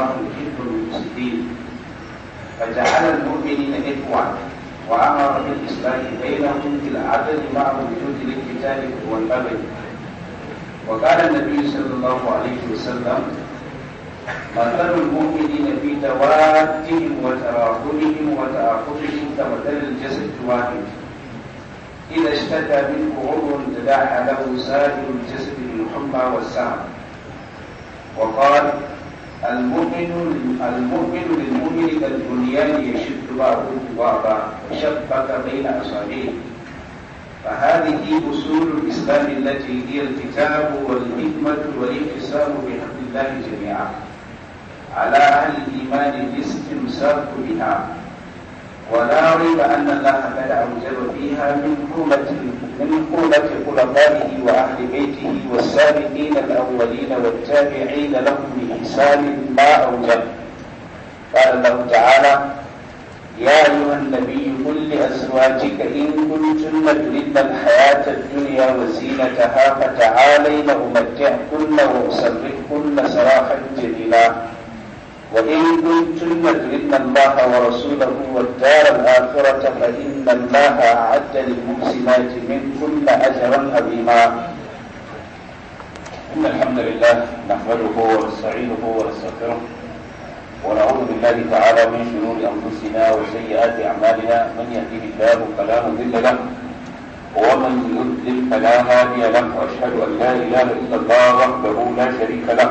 الله يحب المقسطين فجعل المؤمنين إخوة وأمر بالإصلاح بينهم بالعدل مع وجود الكتاب والبغي وقال النبي صلى الله عليه وسلم مثل المؤمنين في توادهم وتراحمهم وتآخذهم كمثل الجسد الواحد إذا اشتكى منه عضو تداعى له سائر الجسد من حمى والسعر وقال المؤمن المؤمن للمؤمن كالبنيان يشد بعضه بعضا وشبك بين اصابعه فهذه اصول الاسلام التي هي الكتاب والحكمه والاعتصام بحق الله جميعا على اهل الايمان الاستمساك بها ولا ريب أن الله قد أوجب فيها من قوة من قوة خلفائه وأهل بيته والسابقين الأولين والتابعين لهم بإحسان ما أوجب قال الله تعالى يا أيها النبي قل لأزواجك إن كنتن تردن الحياة الدنيا وزينتها فتعالين أمتعكن وأسرحكن سراحا جميلا وإن كنتن تردن الله ورسوله والدار الآخرة فإن الله أعد للمحسنات منكن أجرا عظيما إن الحمد لله نحمده ونستعينه ونستغفره ونعوذ بالله تعالى من شرور أنفسنا وسيئات أعمالنا من يهديه الله فلا مضل له ومن يضلل فلا هادي له وأشهد أن لا إله إلا الله وحده لا شريك له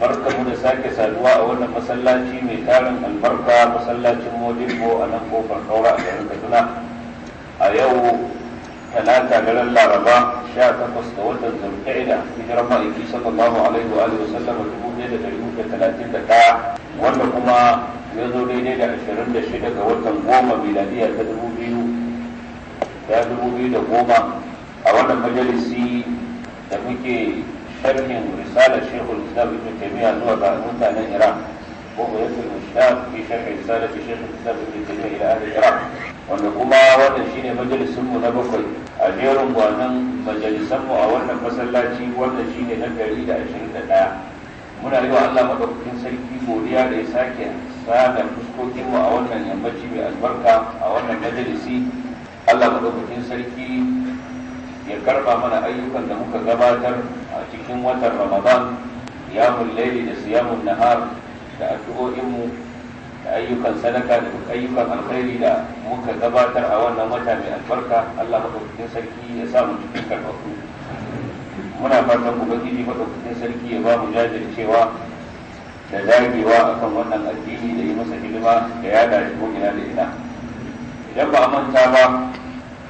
barkamu da sake saduwa a wannan masallaci mai tarin albarka masallacin modibbo a nan kofar kaura a garin kaduna a yau talata garin laraba sha takwas ga watan da hijiran ma'aiki sallallahu alaihi wa alihi wasallam dubu biyu da dari uku talatin da ɗaya wanda kuma ya zo daidai da ashirin da shida ga watan goma miladiya ta dubu biyu da dubu biyu da goma a wannan majalisi da muke sharhin risalar shehu islam ibn taymiya zuwa ga mutanen iraq ko ga yake mushaf fi sharhi risalar shekul islam ibn taymiya ila ahli iraq wanda kuma wannan shine majalisin mu na bakwai a jerin gwanan majalisan mu a wannan masallaci wannan shine na gari da ashirin da ɗaya muna yi wa Allah madaukakin sarki godiya da ya sake sada fuskokin mu a wannan yammaci mai albarka a wannan majalisi Allah madaukakin sarki ya karba mana ayyukan da muka gabatar a cikin watan ramadan ya laili da siyamun nahar da addu'o'inmu da ayyukan sadaka da duk ayyukan alkhairi da muka gabatar a wannan wata mai albarka allah maɗaukakin sarki ya samu cikin karfafu muna fatan ubangiji maɗaukakin sarki ya ba mu jajircewa da dagewa akan wannan addini da yi masa hidima da yada da ko ina da ina idan ba a manta ba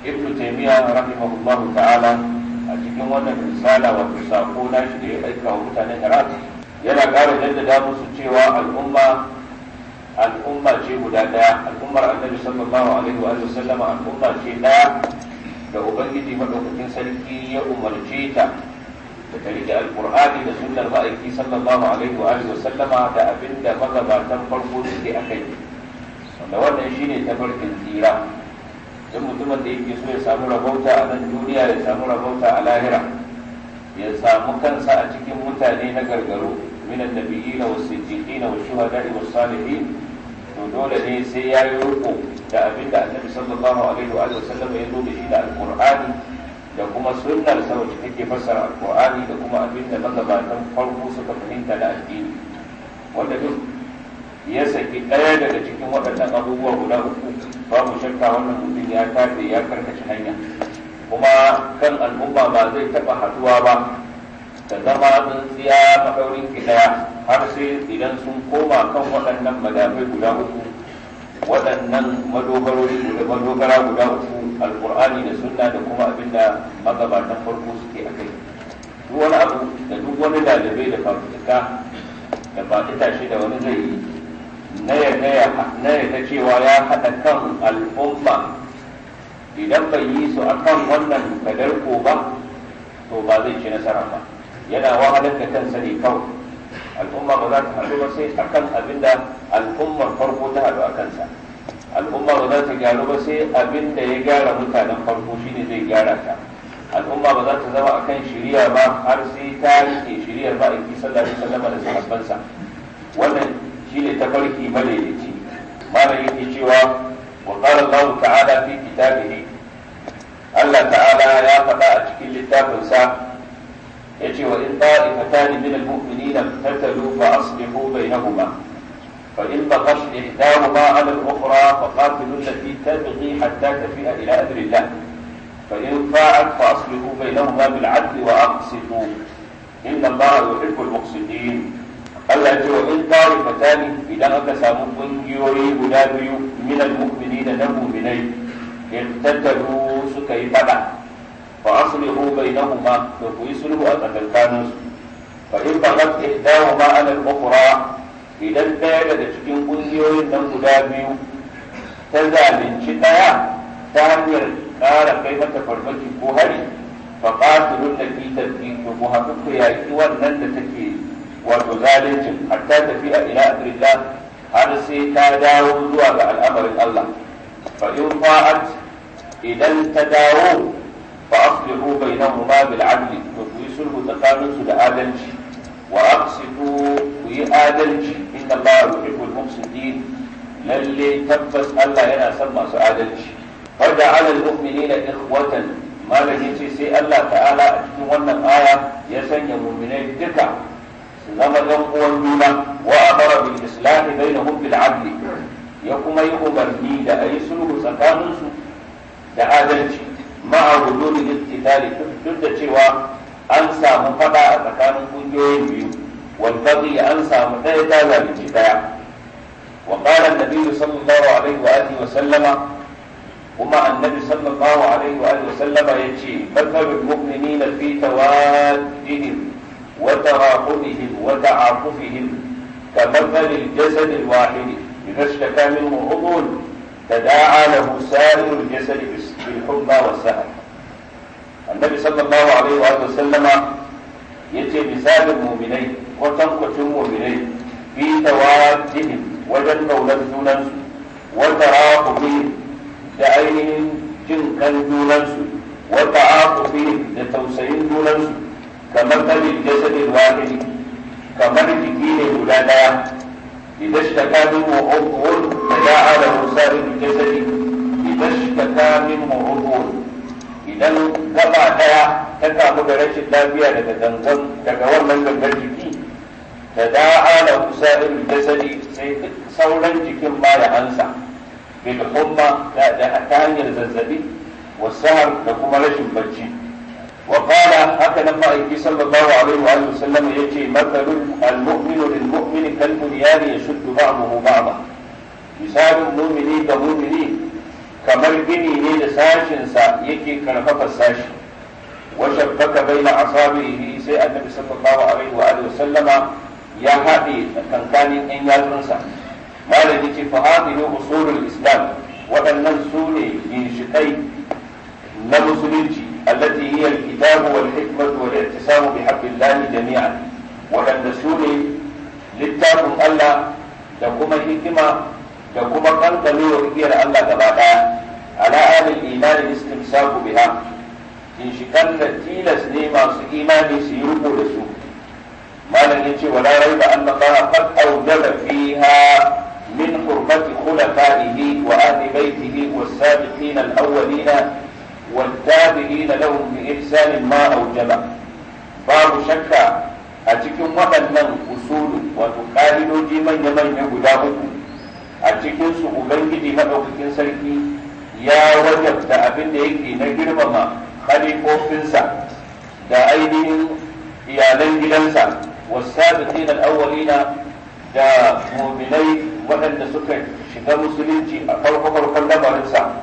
ibn taymiya rahimahullahu ta'ala a cikin wannan misala wato sako na shi da ya aika wa mutanen iraq yana ƙara jaddada musu cewa al'umma al'umma ce guda ɗaya al'ummar annabi sallallahu alaihi wa sallama al'umma ce ɗaya da ubangiji madaukakin sarki ya umarce ta da ta rike alqur'ani da sunnar ma'aiki sallallahu alaihi wa sallama da abinda magabatan farko suke kai wanda wannan shine tafarkin tsira duk mutumin da yake so ya samu rabauta a nan duniya ya samu rabauta a lahira ya samu kansa a cikin mutane na gargaro min annabiyyin wa siddiqin wa shuhada'i wa salihin to dole ne sai ya yi riko da abin da annabi sallallahu alaihi wa sallam ya zo da shi da alqur'ani da kuma sunnar sa wacce take fassara alqur'ani da kuma abin da magabatan farko suka fahimta da addini wanda duk ya saki ɗaya daga cikin waɗannan abubuwa guda uku Ba mu shakka wannan mutum ya tafi ya karkace hanya kuma kan al'umma ba zai taɓa haɗuwa ba ta zama tsintsiya maɗaurin ki ɗaya har sai idan sun koma kan waɗannan madafai guda uku waɗannan madogarori guda madogara guda uku alƙur'ani da sunna da kuma abin da magabatan farko suke a kai duk wani abu da duk wani dalibai da fafutuka da tashi da wani zai yi na yarda cewa ya haɗa kan al'umma idan bai yi su akan wannan kadarko ba to ba zai ci nasara ba yana wahalar da kansa ne kawai al'umma ba za ta haɗu ba sai akan abin da al'ummar farko ta haɗu a kansa al'umma ba za ta gyaru ba sai abin da ya gyara mutanen farko shi ne zai gyara ta al'umma ba za ta zama a kan shiriya ba har sai ta rike shiryar ba a sallallahu alaihi sallama da sahabbansa wannan shine tafarki madaidaici malam yake cewa wa qala Allah ta'ala fi kitabihi Allah ta'ala ya faɗa a cikin littafinsa yace wa in ta'ifatan min al-mu'minina fatalu fa aslihu bainahuma فإن بغت إحداهما على الأخرى فقاتلوا التي تبغي حتى تفيء إلى أمر الله فإن فاءت فأصلحوا بينهما بالعدل وأقسطوا إن الله يحب المقسطين Allah ya ce wa in tawi matani idan aka samu kungiyoyi guda biyu min al da na mu'minai tattaru suka yi fada fa aslihu bainahuma to ku yi sulhu a tsakankanin su fa in bagat ma ala al-ukhra idan daya daga cikin kungiyoyin nan guda biyu ta zalunci daya ta hanyar ƙara kai mata farmaki ko hari fa qatilun lati tadbiqu ku hakuku yaki wannan da take wato zalincin hatta tafiya ila amrillah har sai ta dawo zuwa ga al'amarin Allah fa in fa'at idan ta dawo fa aslihu bainahuma bil adli to ku sulhu tsakanin su da adalci wa aqsitu ku yi adalci inna Allah yuhibbul muqsitin lalle tabbas Allah yana son masu adalci farda ala al-mu'minina ikhwatan malami ce sai Allah ta'ala a cikin wannan aya ya sanya mu'minai duka نفذن قوان جولا وأمر بالإصلاح بينهم بالعدل يقوم يؤمرني لأي سلوه سكانس لآدلت مع وجود الاقتتال تبدأ شوى أنسى مقطع سكان كنجوين بيو والبغي أنسى مقطع بالجباع وقال النبي صلى الله عليه وآله وسلم وما النبي صلى الله عليه وآله وسلم يجي مثل المؤمنين في توادهم وتراحمهم وتعاطفهم كمثل الجسد الواحد إذا اشتكى منه عضو تداعى له سائر الجسد بالحمى والسهر النبي صلى الله عليه وآله وسلم يتي مثال المؤمنين وتنقش المؤمنين في توادهم وجن دولتنا وتراحمهم لعينهم جنكا دوننسو وتعاطفهم لتوسعين دوننسو kamar kalin jasadin wahidi kamar jiki ne guda daya idan shi ta kamin mu'udhun da ya ala musarin jasadi idan shi ta kamin mu'udhun idan gaba daya ta kamu da rashin lafiya daga gangan daga wannan gangan jiki da da'a da kusarin jasadi sai sauran jikin ma da ansa bil humma da ta hanyar zazzabi wasahar da kuma rashin barci. وقال هكذا النبي صلى الله عليه وآله وسلم يجي مثل المؤمن للمؤمن كالبنيان يشد بعضه بعضا مثال المؤمن كمؤمن kamar gini ne da sashinsa yake karfafa sashi wa shabbaka baina asabihi sai a sallallahu alaihi wa alihi wasallama ya haɗe kankanin yan yatsunsa malami yake fa hadiru usulul islam waɗannan su ne ginshikai na musulunci التي هي الكتاب والحكمة والاعتصام بحبل الله جميعا وأن سوني littafin Allah da kuma hikima da kuma kankalewar igiyar Allah gaba daya ala alil imani istimsaku biha ginshikan tilas ne masu imani su yi da su Malamin ya ce wala raiba anna Allah a awjaba fiha min hurmati khulafaihi wa ahli baitihi was sabiqina al-awwalina والتابعين لهم بإحسان ما أوجب babu shakka a cikin waɗannan usulu wato ƙa'idoji manya-manya guda uku a cikin su ubangiji maɗaukakin sarki ya wajabta abinda da yake na girmama khalifofinsa da ainihin iyalan gidansa wasabiqin al-awwalina da mu'minai waɗanda suka shiga musulunci a farko-farkon lamarinsa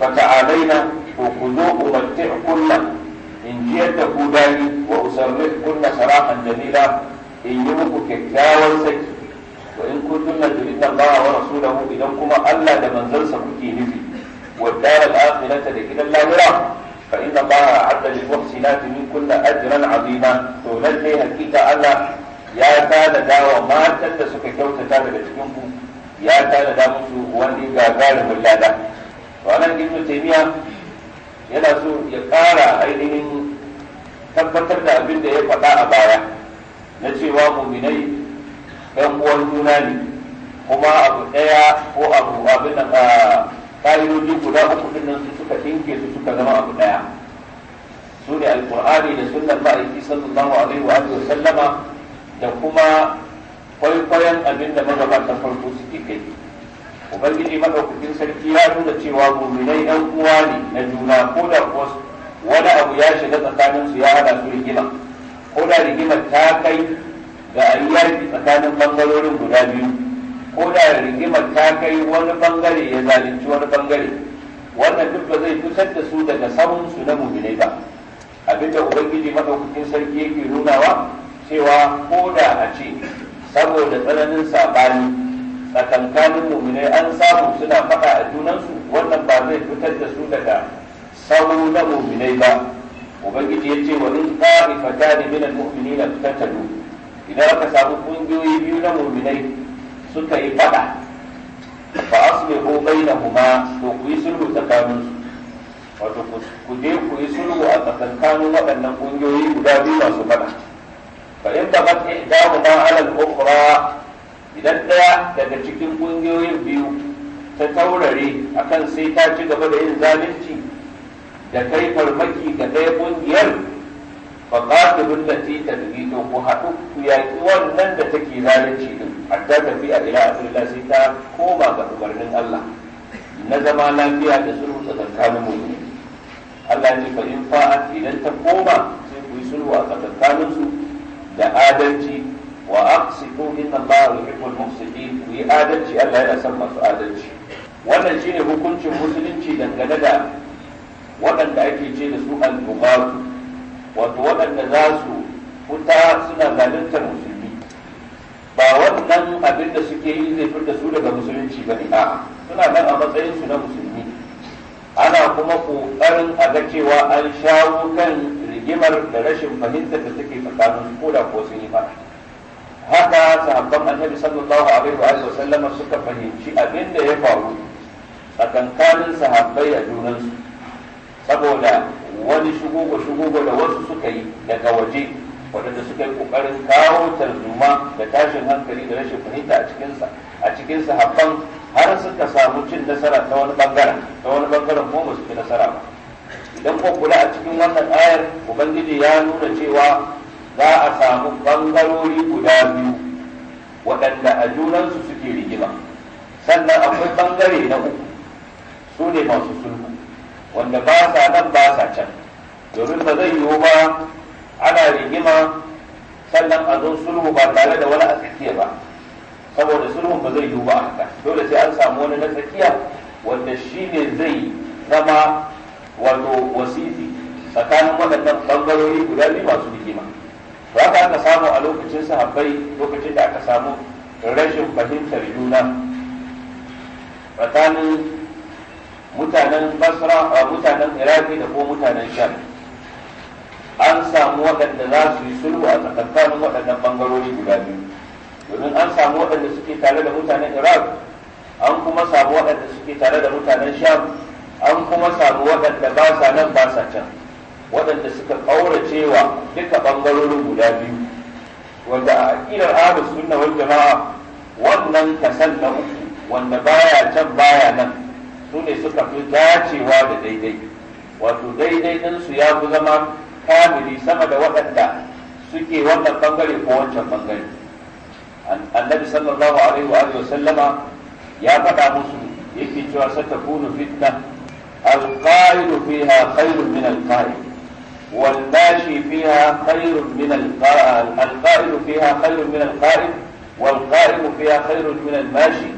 فتعالينا وكلوا أمتعكن إن جئت كوداني وأسرحكن سراحا جميلا إن يمك ككاوى سكي وإن كنتن تريدن الله ورسوله إذا كما ألا لمن زلس كيه والدار الآخرة لكن الله يرى فإن الله أعد للمحسنات منكن أجرا عظيما تولد حقيقة ألا يا تانا داوى ما تلتسك كوتا تانا بتكنكم يا تانا داوى وأني غاغار ولا ده wannan ibnu taymiya yana so ya ƙara ainihin tabbatar da abin da ya faɗa a baya na cewa muminai ɗan uwan juna ne kuma abu ɗaya ko abu abin da ƙa'idoji guda uku din nan suka tinke su suka zama abu ɗaya su ne alƙur'ani da sunnar ma'aiki sallallahu alaihi wa alihi sallama da kuma kwaikwayon abin da magabatan farko suke kai ubangiji madaukakin sarki ya nuna cewa muminai ɗan uwa ne na juna ko da kuwa wani abu ya shiga tsakanin su ya hada su rigima ko da rigimar ta kai ga ayyaki tsakanin bangarorin guda biyu ko da rigimar ta kai wani bangare ya zalunci wani bangare wannan duk ba zai fitar da su daga samun su na muminai ba abinda ubangiji madaukakin sarki yake nunawa cewa ko da a ce saboda tsananin sabani tsakankanin muminai an samu suna faɗa a junansu wannan ba zai fitar da su daga sauro na muminai ba ubangiji ya ce wa in ta'ifata ne minal mu'minina fitatalu idan aka samu kungiyoyi biyu na muminai suka yi faɗa ba fa na kuma to ku yi sulhu tsakaninsu wato ku je ku yi sulhu a tsakankanin waɗannan kungiyoyi guda biyu masu faɗa fa in tabat ihdahuma ala al-ukhra idan ɗaya daga cikin ƙungiyoyin biyu ta taurare akan sai ta ci gaba da yin zalunci da kai farmaki ga ɗaya ƙungiyar ba ba ta bullati ta to ku haɗu ku yaƙi wannan da take zalunci din ta tafi a ila asirila sai ta koma ga umarnin Allah na zama lafiya da sulhu tsakanin mu Allah ne fa in fa'a idan ta koma sai ku yi sulhu a tsakaninsu da adalci wa aqsitu inna Allah yuhibbul muqsitin ku yi adalci Allah yana son masu adalci wannan shine hukuncin musulunci dangane da waɗanda ake ce da su al wato waɗanda za su fita suna zaluntar musulmi ba wannan abin da suke yi zai fitar su daga musulunci ba ne suna nan a matsayin su na musulmi ana kuma kokarin a ga cewa an shawo kan rigimar da rashin fahimtar da take tsakanin ko da ko sun yi fara haka sahabban annabi sallallahu alaihi wa sallama suka fahimci abin da ya faru tsakankanin sahabbai a junansu saboda wani shugugo shugugo da wasu suka yi daga waje waɗanda suka yi ƙoƙarin kawo tarzoma da tashin hankali da rashin fahimta a cikinsa a cikin sahabban har suka samu cin nasara ta wani bangaren ta wani bangaren ko ba su fi nasara ba idan ko kula a cikin wannan ayar ubangiji ya nuna cewa za a samu bangarori guda biyu waɗanda a junansu suke rigima sannan akwai bangare na uku su ne masu sulhu wanda ba sa nan ba sa can domin ba zai yiwu ba ana rigima sannan a zo sulhu ba tare da wani a ba saboda sulhu ba zai yiwu ba haka dole sai an samu wani na tsakiya wanda shi ne zai zama wato wasifi tsakanin waɗannan bangarori guda biyu masu rigima za ka aka samu a lokacin sahabbai lokacin da aka samu rashin fahimtar juna tsakanin mutanen basra a mutanen iraki da ko mutanen sham an samu waɗanda za su yi sulhu a tsakankanin waɗannan ɓangarori guda biyu domin an samu waɗanda suke tare da mutanen iraq an kuma samu waɗanda suke tare da mutanen sham an kuma samu waɗanda ba sa nan ba sa can waɗanda suka cewa duka ɓangarorin guda biyu wanda a aƙidar ahlus sunna wal jama'a wannan kasan na uku wanda baya can baya nan su ne suka fi dacewa da daidai wato daidai ɗinsu su ya fi zama kamili sama da waɗanda suke wannan bangare ko wancan bangare annabi sallallahu alaihi wa sallama ya faɗa musu yake cewa satakunu fitna alqa'idu fiha khairun min alqa'id والماشي فيها خير من القائل فيها خير من القائل والقائم فيها خير من الماشي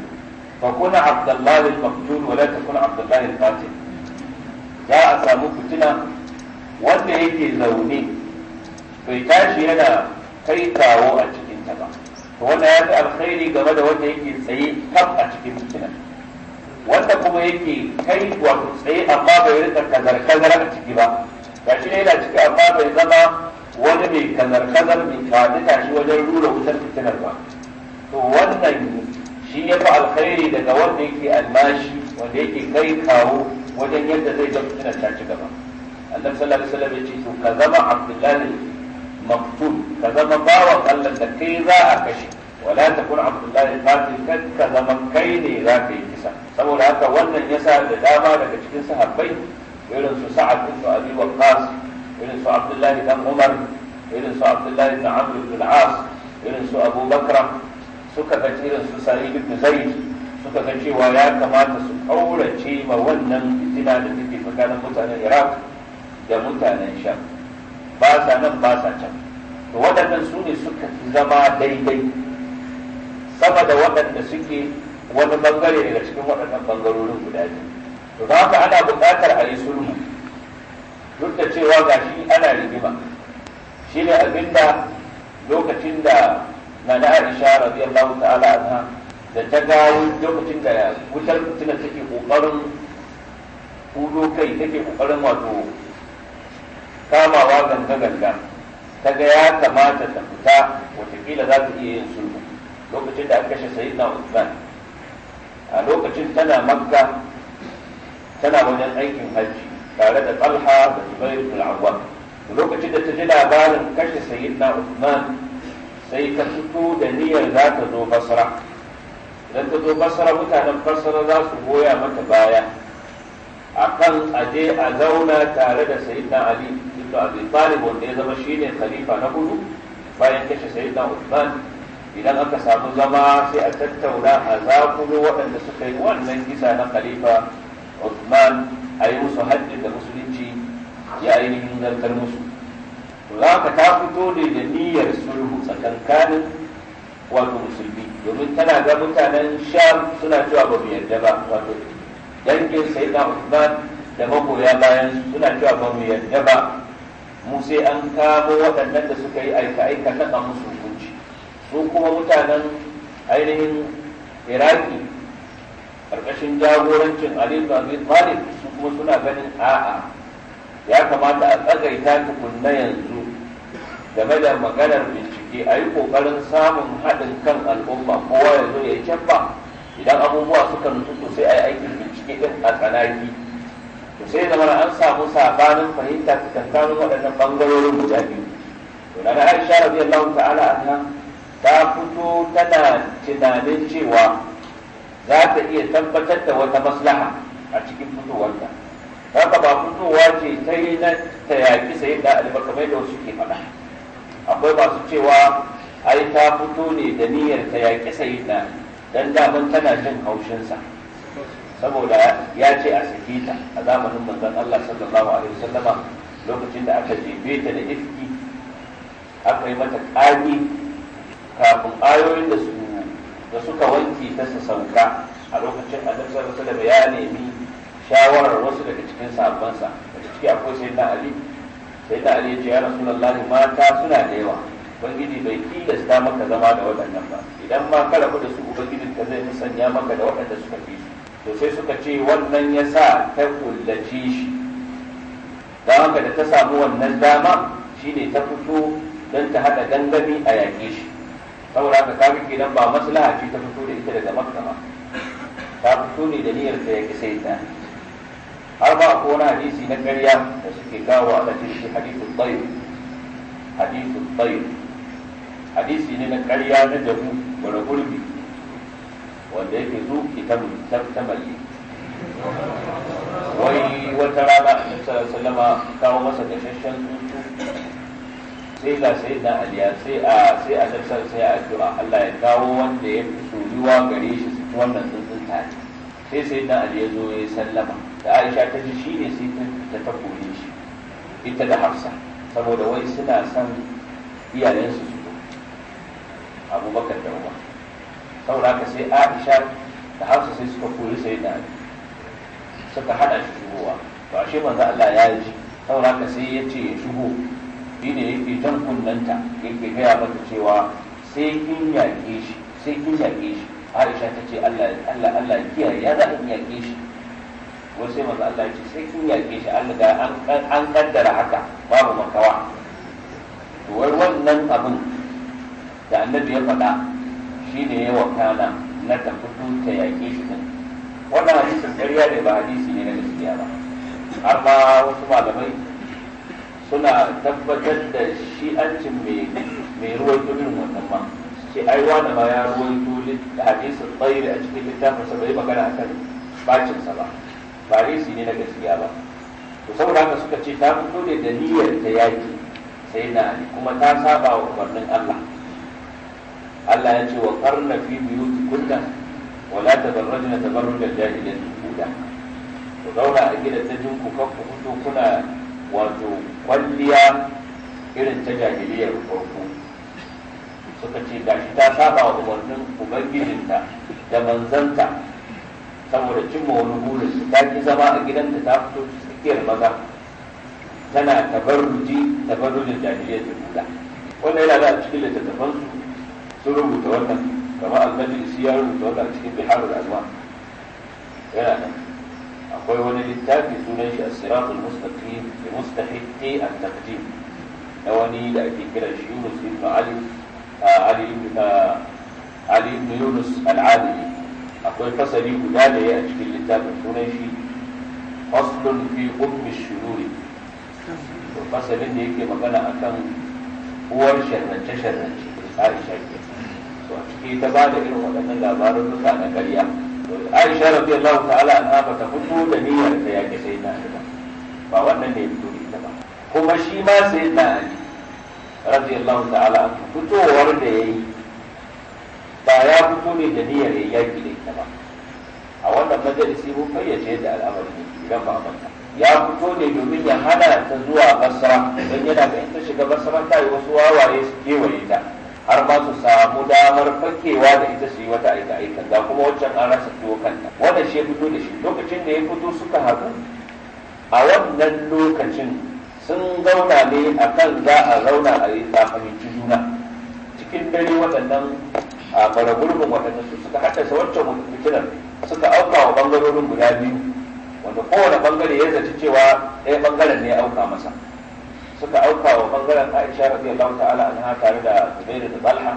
فكن عبد الله المقتول ولا تكن عبد الله القاتل za a samu fitina wanda yake zaune bai tashi yana kai kawo a cikinta ba to wanda ya fi alkhairi game da wanda yake tsaye kaf a cikin fitinan wanda kuma yake kai wato tsaye amma bai rika kazar kazar a ciki ba ga shi ne yana ciki amma bai zama wani mai kazar-kazar mai kaɗi tashi wajen rura wutar fitinar ba to wannan shi ya fi alkhairi daga wanda yake almashi wanda yake kai kawo wajen yadda zai ga fitinar ta ci gaba annabi sallallahu alaihi wasallam ya ce to ka zama abdullahi maktul ka zama bawan Allah da kai za a kashe wala takun abdullahi qatil kad ka zama kai ne za ka yi kisa saboda haka wannan yasa da dama daga cikin sahabbai irin su sa'ad bin abi waqqas irin su abdullahi dan umar irin su abdullahi dan amr bin al-as irin su abu bakra suka ga irin su sa'id bin zaid suka ga cewa ya kamata su kaurace ma wannan fitina da take tsakanin mutanen iraq da mutanen sham ba sa nan ba sa can to waɗannan su ne suka zama daidai sama da waɗanda suke wani bangare daga cikin waɗannan bangarorin guda biyu to ba haka ana buƙatar a yi sulhu duk da cewa ga shi ana rigima shi ne abinda lokacin da na na aisha radiyallahu ta'ala anha da ta gawo lokacin da wutar fitina take kokarin hudo kai take kokarin wato kamawa ganga ganga ta ga ya kamata ta fita watakila za ta iya yin sulhu lokacin da aka kashe sayyidina usman a lokacin tana makka tana wajen aikin hajji tare da talha da zubair bin awwam lokacin da ta ji labarin kashe sayyidina usman sai ta fito da niyyar za ta zo basra idan ta zo basra mutanen basra za su goya mata baya akan aje a zauna tare da sayyidina ali ibn abi talib wanda ya zama shine khalifa na hudu bayan kashe sayyidina usman idan aka samu zama sai a tattauna a zakulo waɗanda suka yi wannan kisa na khalifa Uthman a yi musu hajji da musulunci ya ainihin zartar musu za ka ta fito ne da niyyar sulhu tsakankanin wato musulmi domin tana ga mutanen sham suna cewa ba mu yarda ba wato dangin sai na Uthman da magoya bayan suna cewa ba mu yarda ba mu sai an kamo waɗannan da suka yi aika-aika na musu su kuma mutanen ainihin iraki karkashin jagorancin Ali bin Abi Talib su kuma suna ganin a'a ya kamata a tsagaita tukunna yanzu game da maganar bincike a yi kokarin samun haɗin kan al'umma kowa ya zo ya yi idan abubuwa suka nutsu to sai a yi aikin bincike ɗin a tsanaki to sai zama an samu sabanin fahimta ta tattalin waɗannan ɓangarorin guda biyu to na Aisha a ta'ala anha ta fito tana tunanin cewa za ta iya tabbatar da wata maslaha a cikin fitowarta haka ba fitowa ce ta yi na ta yaƙi sai da da wasu ke faɗa akwai masu cewa ai ta fito ne da niyyar ta yaƙi sai da dan daman tana jin haushinsa saboda ya ce a sake ta a zamanin manzon Allah sallallahu alaihi wasallama lokacin da aka jibe ta da ifki aka yi mata ƙani kafin ayoyin da su da suka wanke ta su a lokacin annabi sallallahu alaihi ya nemi shawarar wasu daga cikin sahabbansa daga ciki akwai sayyidina ali sayyidina ali ya ce ya mata suna da yawa ubangiji bai tilasta maka zama da waɗannan ba idan ma ka rabu da su ubangijin ka zai musanya maka da waɗanda suka fi su to sai suka ce wannan ya sa ta kullace shi don haka da ta samu wannan dama shine ta fito don ta haɗa gangami a yaƙe shi saboda haka kaga kenan ba maslaha ce ta fito da ita daga makka ba ta fito ne da niyyar ta yake sai ta har ba ko wani hadisi na ƙarya da suke kawo a cikin shi hadithul tayyib hadithul tayyib hadisi ne na ƙarya na jabu wani gurbi wanda yake ki ta tamali wai wata rana annabi sallallahu alaihi wasallama kawo masa dashashen tsuntsu sai ga sai na aliya sai a sai a nasar sai a addu'a Allah ya kawo wanda ya fi soyuwa gare shi su wannan tsuntsun tare sai sai na aliya zo ya sallama da Aisha ta ji shi ne sai ta ta kore shi ita da Hafsa saboda wai suna son iyayensu su su zo Abubakar da Umar saboda haka sai Aisha da Hafsa sai suka kore sai na suka hada shi shigowa to ashe manzo Allah ya yi shi saboda haka sai ya ce ya shigo shi ne yake jan kunnanta yake gaya mata cewa sai kin yaƙe shi sai kin yaƙe shi aisha ta ce allah allah kiyar ya za in yaƙe shi wasu sai maza allah ce sai kin yaƙe shi allah da an kaddara haka babu makawa to wai wannan abin da annabi ya faɗa shi ne ya wakana na ta ta yaƙe shi din wannan hadisin ƙarya ne ba hadisi ne na gaskiya ba amma wasu malamai suna tabbatar da shi'ancin mai ruwan irin wannan ma ce ai wani ma ya ruwan hadisin tsayi a cikin littafin sa bai magana a kan bacin sa ba ba resi ne na gaskiya ba to saboda haka suka ce ta fito ne da niyyar ta yaki sai na kuma ta saba wa umarnin Allah Allah ya ce wa karna fi buyutikunna wala tabarrajna tabarrujal jahiliyyati kuda ku zauna a gidajen ku kan ku fito kuna wato kwalliya irin ta jahiliyar farko suka ce gashi ta saba wa umarnin ubangijinta da manzanta saboda cimma wani burin su ta ki zama a gidanta ta fito tsakiyar maza tana tabarruji tabarrujin jahiliyar da kula wannan yana da cikin littattafan su sun rubuta wannan kamar almajlisi ya rubuta wannan cikin biharul azwa yana nan akwai wani littafi sunan shi as-siratul mustaqim bi mustahiqqi at-taqdim da wani da ake kiran shi Yunus ibn Ali Ali ibn Ali ibn Yunus al-Adili akwai fasali guda da ya a cikin littafin sunan shi faslun fi ummi shururi to fasalin da yake magana akan uwar sharrance sharrance Aisha ke to a cikin ta bada irin waɗannan labarin na karya. aisha radiyallahu ta'ala anha ta fito da niyyar ta yake sai na ba ba wannan ne fito da ita ba kuma shi ma sai na ali radiyallahu ta'ala fitowar da yayi ba ya fito ne da niyyar yaki da ita ba a wannan majalisi mun fayyace da al'amari ne idan ba manta ya fito ne domin ya hana ta zuwa basra don yana ga in ta shiga basra ta yi wasu wawaye su kewaye ta har ba su samu damar fakewa da ita su yi wata aika aika ga kuma waccan an rasa tuwo kanta wanda shi ya fito da shi lokacin da ya fito suka haɗu a wannan lokacin sun zauna ne a kan za a zauna a yi fahimci juna cikin dare waɗannan a bara waɗanda su suka su wancan mutunan suka auka wa ɓangarorin guda biyu wanda kowane ɓangare ya zaci cewa ɗaya ɓangaren ne ya auka masa suka auka wa bangaren Aisha radiyallahu ta'ala anha tare da Zubair da Talha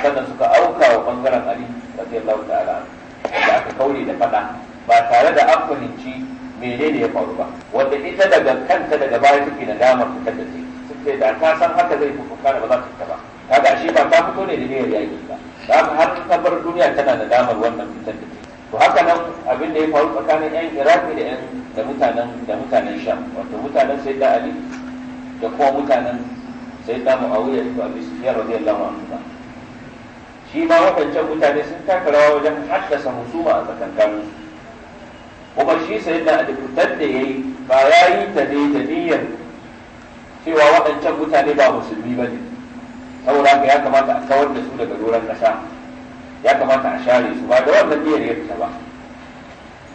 sannan suka auka wa bangaren Ali radiyallahu ta'ala da aka kauri da fada ba tare da an fahimci menene ya faru ba wanda ita daga kanta daga baya take da dama fitar da suka da ta san haka zai fito kana ba za ta fita ba kaga shi ba ta fito ne da niyyar yaki ba Za ka har ta bar duniya tana da damar wannan fitar da to haka nan abin da ya faru tsakanin yan iraki da yan da mutanen da mutanen sham wato mutanen sai da ali da kuma mutanen sai da muawiya ibn abi sufiya radiyallahu anhu ba shi ma wadancan mutane sun taka rawa wajen haddasa husuma a tsakankanin kuma shi sai da dukutar da yayi ba yayi ta ne da niyyar cewa waɗancan mutane ba musulmi ba ne saboda haka ya kamata a kawar da su daga doron ƙasa ya kamata a share su ba da wannan niyyar ya fita ba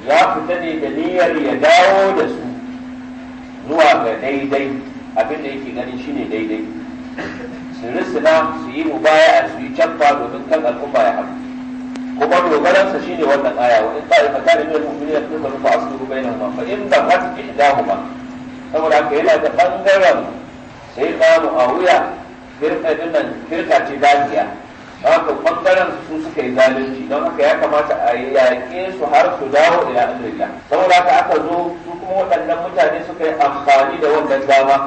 ya fita ne da niyyar ya dawo da su zuwa ga daidai abin da yake ganin shine daidai su risina su yi mubaya su yi canfa domin kan al'umma ya haɗu kuma dogaransa shine wannan aya wa in ta'ifatan min al-mu'minina yaqulu fa aslihu bainahuma fa in baqat ihdahuma saboda haka yana da bangaren sai ka a firka dinnan firka ce dajiya haka bangaren su suka yi zalunci don haka ya kamata a yaƙe su har su dawo ila amrillah saboda haka aka zo su kuma waɗannan mutane suka yi amfani da wannan dama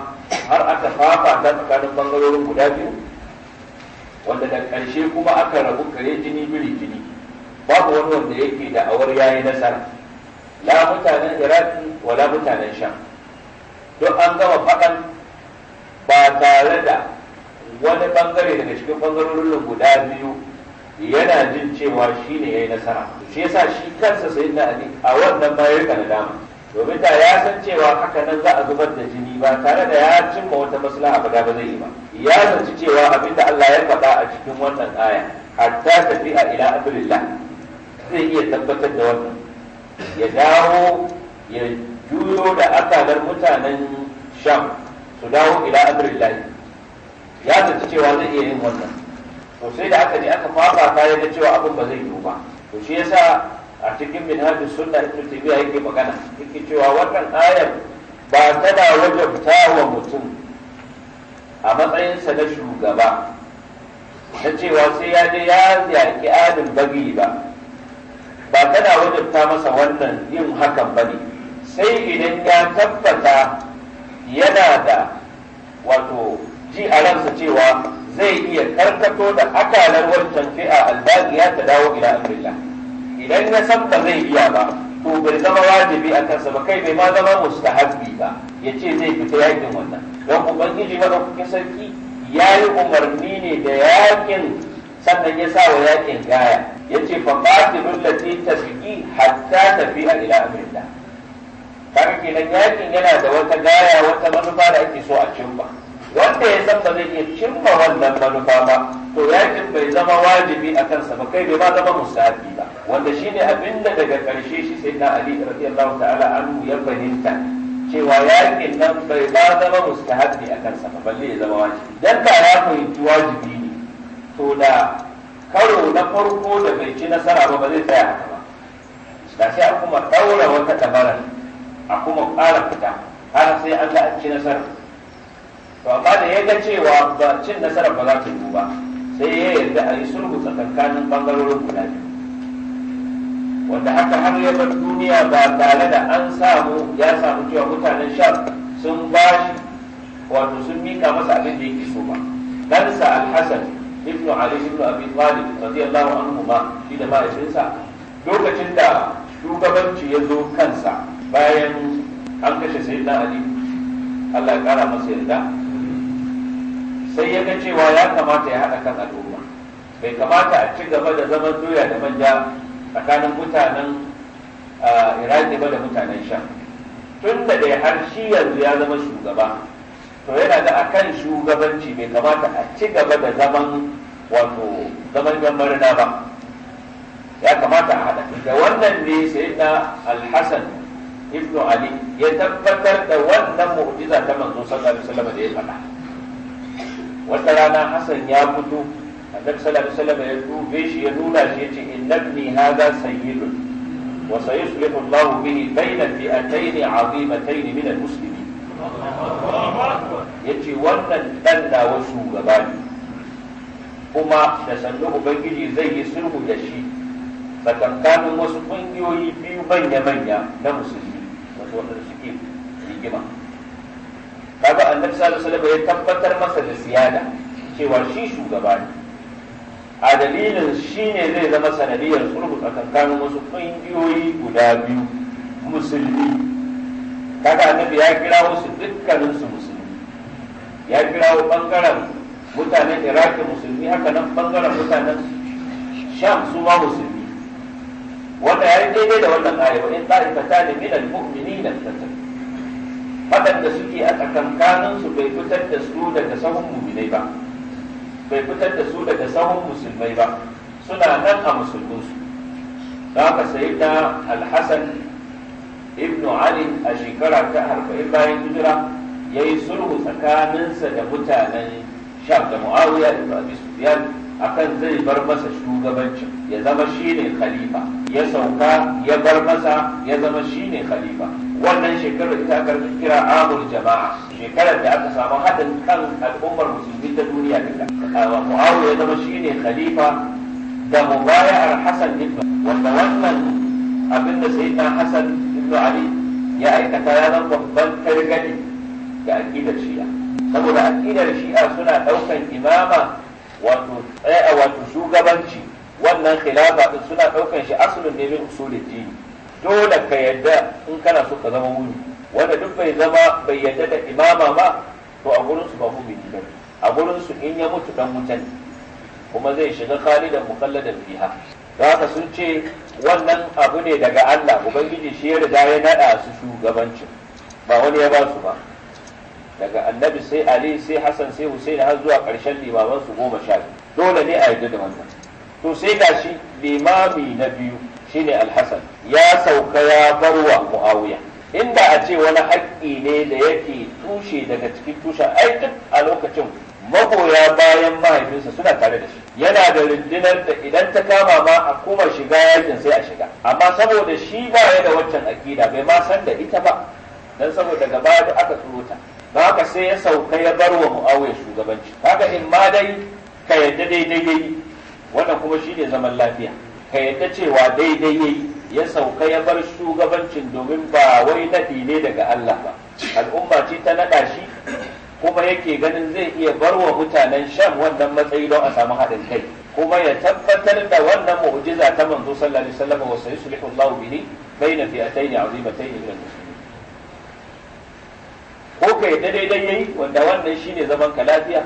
har aka fafa ta tsakanin bangarorin guda biyu wanda da ƙarshe kuma aka rabu kare jini biri jini babu wani wanda yake da awar yayi nasara la mutanen iraki wala mutanen sham don an gama faɗan ba tare da wani bangare daga cikin bangarorin guda biyu yana jin cewa shi ne ya yi nasara shi yasa shi kansa sai na ali a wannan bayan ka nadama domin da ya san cewa haka nan za a zubar da jini ba tare da ya cimma wata maslaha ba da ba zai yi ba ya zanci cewa abin da Allah ya faɗa a cikin wannan aya hatta tafi'a ila abdullah zai iya tabbatar da wannan ya dawo ya juyo da akalar mutanen sham su dawo ila abdullah ya tafi cewa zai iya yin wannan to sai da aka je aka fafa ta da cewa abin ba zai yiwu ba to shi yasa a cikin hadis sunna ibn tabiya yake magana yake cewa wannan ayar ba tana wajabta wa mutum a matsayinsa na shugaba na cewa sai ya je ya yaƙi adin bagi ba ba tana ta masa wannan yin hakan ba ne sai idan ya tabbata yana da wato ji a ransa cewa zai iya karkato da akalar wancan fi'a ya ta dawo ila amrillah idan ya san ba zai iya ba to bai zama wajibi a kansa ba kai bai ma zama mustahabbi ba ya ce zai fita yakin wannan don ubangiji madaukakin sarki ya yi umarni ne da yakin sannan ya sa wa yakin gaya ya ce fa qatilul ta tasqi hatta a ila amrillah kaga kenan yakin yana da wata gaya wata manufa da ake so a cimma wanda ya san ba zai iya cimma wannan manufa ba to yakin bai zama wajibi a kansa ba kai bai ba zama musafi ba wanda shine abin da daga karshe shi sai na ali radiyallahu ta'ala anhu ya fahimta cewa yakin nan bai ma zama mustahabi a kansa ba balle ya zama wajibi dan da ya fahimci wajibi ne to da karo na farko da bai ci nasara ba ba zai tsaya haka ba da sai a kuma daura wata dabarar a kuma ƙara fita har sai Allah an ci nasara to amma da ya ga cewa ba cin nasarar ba za ta yi ba sai ya yarda a yi sulhu tsakankanin bangarorin guda biyu wanda haka har ya bar duniya ba tare da an samu ya samu cewa mutanen sham sun ba shi wato sun mika masa abin da yake so ba sa alhasan ibn ali ibn abi talib radiyallahu anhu ma shi da mahaifinsa lokacin da shugabanci ya zo kansa bayan an kashe sayyidina ali Allah ya kara masa yarda sai ya ga cewa ya kamata ya haɗa kan al'umma bai kamata a ci gaba da zaman doya da manja tsakanin mutanen iraki ba da mutanen sham tun da dai har shi yanzu ya zama shugaba to yana da akan shugabanci bai kamata a ci gaba da zaman wato zaman gamarina ba ya kamata a haɗa da wannan ne sai na alhassan ibnu ali ya tabbatar da wannan mu'jiza ta manzo sallallahu alaihi wasallam da ya faɗa wata rana Hassan ya fito a sallallahu alaihi ya dube shi ya nuna shi yace innabni hadha sayyidun wa sayuslihu Allah bihi bayna fi'atayn 'azimatayn min musulmi? Ya yace wannan dan na wasu gaba ne kuma da sannu ubangiji zai yi sulhu da shi tsakankanin wasu ƙungiyoyi biyu manya-manya na musulmi wasu wanda suke rigima kaga annabi sallallahu alaihi wasallam ya tabbatar masa da siyada cewa shi shugaba ne a dalilin shi ne zai zama sanadiyar sulhu tsakankanin wasu ƙungiyoyi guda biyu musulmi kaga annabi ya kira wasu dukkaninsu musulmi ya kira ɓangaren mutanen iraki musulmi haka nan ɓangaren mutanen sham su ma musulmi wanda ya yi daidai da wannan ayyuka in ta'ifata ne minal mu'minina tattaka waɗanda suke a tsakankanin su bai fitar da su daga sahun muminai ba bai fitar da su daga sahun musulmai ba suna nan a musulminsu da haka alhassan ibnu ali a shekara ta arba'in bayan hijira ya yi sulhu tsakaninsa da mutanen sham da muawiya ibn abi akan zai bar masa shugabanci ya zama shine khalifa ya sauka ya bar masa ya zama shine khalifa wannan shekarar ita aka kira amul jama'a shekarar da aka samu haɗin kan al'ummar musulmi ta duniya duka mu'awiya ya zama shine khalifa da mubayar hasan ibn wanda wannan abin da sai ta hasan ibn ali ya aikata ya zama babban targadi ga aƙidar shi'a saboda aƙidar shi'a suna ɗaukan imama wato eh, wato shugabanci wannan khilafa suna ɗaukan shi asulun ne min usulul dini dole ka yadda in kana so ka zama wuni wanda duk bai zama bai yadda da imama ma, to a gurin su ba mumi gidan a gurin su in ya mutu dan wuta kuma zai shiga khalidan mukalladan fiha da haka sun ce wannan abu ne daga Allah ubangiji shi ya riga ya nada su shugabancin ba wani ya ba su ba daga annabi sai ali sai hasan sai husain har zuwa karshen limaman su goma sha dole ne a yadda da wannan to sai gashi limami na biyu shine alhassan ya sauka ya barwa muawiya inda a ce wani haƙƙi ne da yake tushe daga cikin tushen aikin a lokacin magoya bayan mahaifinsa suna tare da shi yana da rundunar da idan ta kama ma a kuma shiga yakin sai a shiga amma saboda shi ba ya da waccan aƙida bai ma san da ita ba dan saboda gaba da aka tsoro ta ba ka sai ya sauka ya bar wa mu'awiya shugabanci haka in ma dai ka yadda daidai yayi wannan kuma shine zaman lafiya ka yadda cewa daidai yayi ya sauka ya bar shugabancin domin ba wai naɗi ne daga Allah ba al'umma ce ta naɗa shi kuma yake ganin zai iya bar wa mutanen shan wannan matsayi don a samu haɗin kai kuma ya tabbatar da wannan mu'jiza ta manzo sallallahu alaihi wasallam wa sayuslihu Allahu bihi baina fi'atayn azimatayn min ko ka yadda daidai yayi wanda wannan shine zaman ka lafiya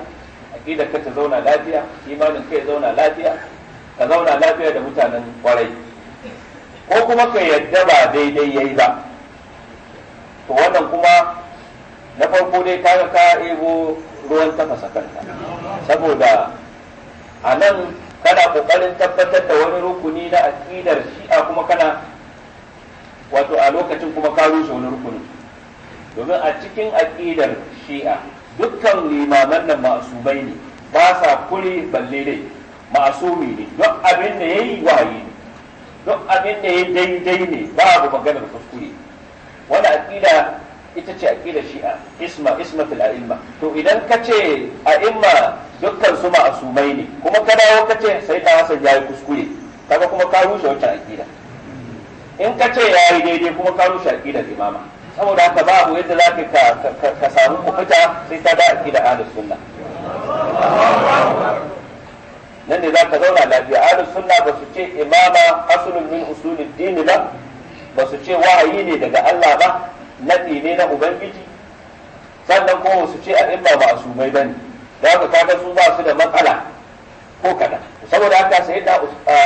aqidar ka ta zauna lafiya imanin ka ya zauna lafiya ka zauna lafiya da mutanen kwarai ko kuma ka yadda ba daidai yayi ba to wannan kuma na farko dai ka ka ebo ruwan tafasa kanta saboda a nan kana kokarin tabbatar da wani rukuni na aqidar shi'a kuma kana wato a lokacin kuma ka rushe wani rukuni domin a cikin aƙidar shi'a dukkan limaman nan bai ne ba sa kuri balle dai ma'asumi ne duk abin da ya yi wahayi ne duk abin da ya yi daidai ne babu maganar kuskure wani aƙida ita ce aƙida shi a isma ismatul a'imma to idan ka ce a'imma dukkan su ma'asumai ne kuma ka dawo ka ce sai ta hasan yi kuskure kaga kuma ka rushe wancan aƙida in ka ce yayi daidai kuma ka rushe aƙida imama saboda haka babu yadda za ka samu fita sai ta da aƙida ahlus sunna nan ne za ka zauna lafiya ahlus sunna ba su ce imama asulun min usulid din ba ba su ce wahayi ne daga Allah ba naɗi ne na ubangiji sannan kuma su ce a ba ma'asumai bane da haka kaga su ba su da matsala ko kaɗan saboda haka sai da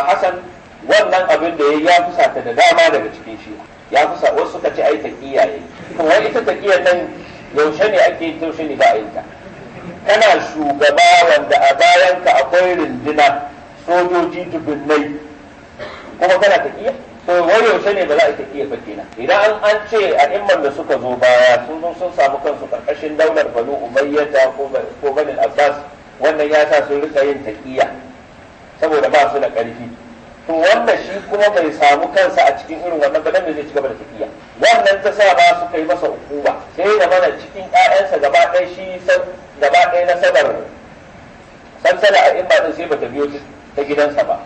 Hassan wannan abin da ya fusata da dama daga cikin shi ya fusa wasu suka ce ai taqiya yayi to wai ita taqiya nan yaushe ne ake taushe ne ba a ta kana shugaba wanda a bayanka akwai rinduna sojoji dubunnai kuma kana taƙiya to wai yaushe ne ba za a taƙiya ba kenan idan an ce a imman da suka zo baya sun zo sun samu kansu karkashin daular banu umayyata ko banin abbas wannan ya sa sun rika yin taƙiya saboda ba su da ƙarfi to wannan shi kuma bai samu kansa a cikin irin wannan ba dan zai ci gaba da tafiya wannan ta sa ba su kai masa hukuma sai da mana cikin ƴaƴansa gaba ɗaya shi gaba ɗaya nasabar sansala a imma ɗin sai bata biyo ta gidansa ba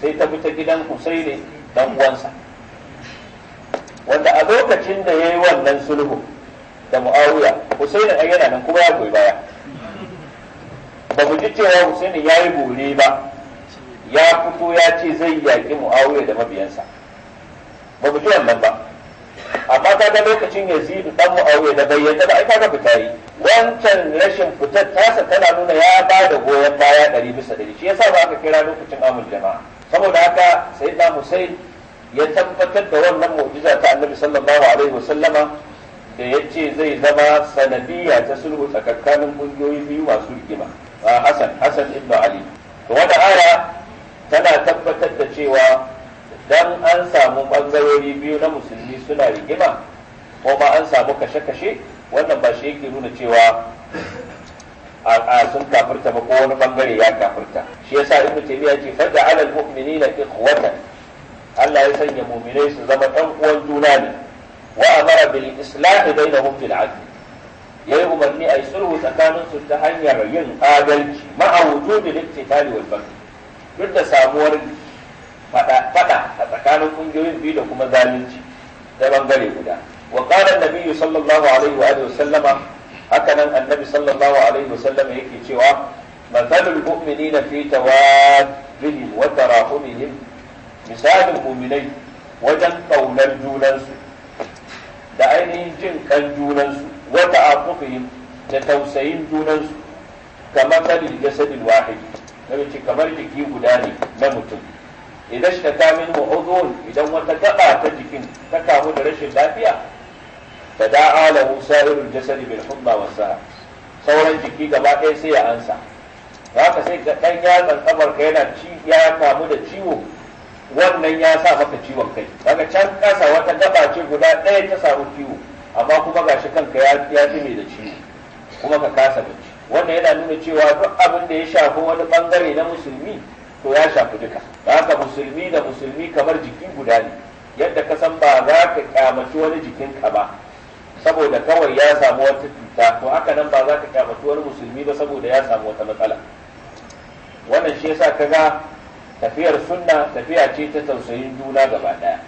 sai ta bi ta gidan ne dan uwansa wanda a lokacin da ya yi wannan sulhu da mu'awiya husaini ai yana nan kuma ya goyi baya ba mu ji cewa husaini ya yi bore ba ya fito ya ce zai yaƙi mu'awiya da mabiyansa ba mu ji wannan ba amma kaga lokacin yazidu dan mu'awiya da bayyana da ai kaga fita yi wancan rashin fitar tasa tana nuna ya ba da goyon baya ɗari bisa ɗari shi yasa ba aka kira lokacin amul jama'a saboda haka sai da musayid ya tabbatar da wannan mu'jiza ta annabi sallallahu alaihi wasallama da ya ce zai zama sanadiyya ta sulhu tsakanin kungiyoyi biyu masu rigima Hassan Hassan ibn Ali to wannan ara tana tabbatar da cewa dan an samu bangarori biyu na musulmi suna rigima ko ma an samu kashe-kashe wannan ba shi yake nuna cewa a sun kafirta ba ko wani bangare ya kafirta shi yasa ibnu taymiya ce fadda alal mu'minina ikhwatan Allah ya sanya mu'minai su zama ɗan uwan juna ne wa amara bil islahi bainahum bil adl yayi umarni ay sulhu tsakanin su ta hanyar yin adalci ma'a wujudi al-iqtitali wal bagh duk da samuwar fada a tsakanin kungiyoyin biyu da kuma zalunci ta bangare guda wa qala an sallallahu alaihi wa alihi sallama haka nan annabi sallallahu alaihi wa sallama yake cewa mathalul mu'minina fi tawaddihim wa tarahumihim misalul mu'minai wajen kaunar junansu da ainihin jin kan junansu wa ta'aqufihim da tausayin junansu kamar kalil jasadil wahid nabi kamar jiki guda ne na mutum idan shi ta min mu'udun idan wata gaba ta jikin ta kamu da rashin lafiya ta da'a lahu sa'irul jasadi bil wa sa'a. sauran jiki gaba ɗaya sai ya ansa haka sai ga ɗan yatsan kamar ka yana ci ya kamu da ciwo wannan ya sa maka ciwon kai daga can kasa wata gaba ce guda ɗaya ta samu ciwo amma kuma gashi kanka ya ya dume da ciwo kuma ka kasa bacci wannan yana nuna cewa duk abin da ya shafi wani bangare na musulmi to ya shafi duka ka musulmi da musulmi kamar jiki guda ne yadda ka san ba za ka kyamaci wani jikinka ba saboda kawai ya samu wata cuta to haka nan ba za ka kyamaci wani musulmi ba saboda ya samu wata matsala wannan shi yasa ka ga tafiyar sunna tafiya ce ta tausayin juna gaba daya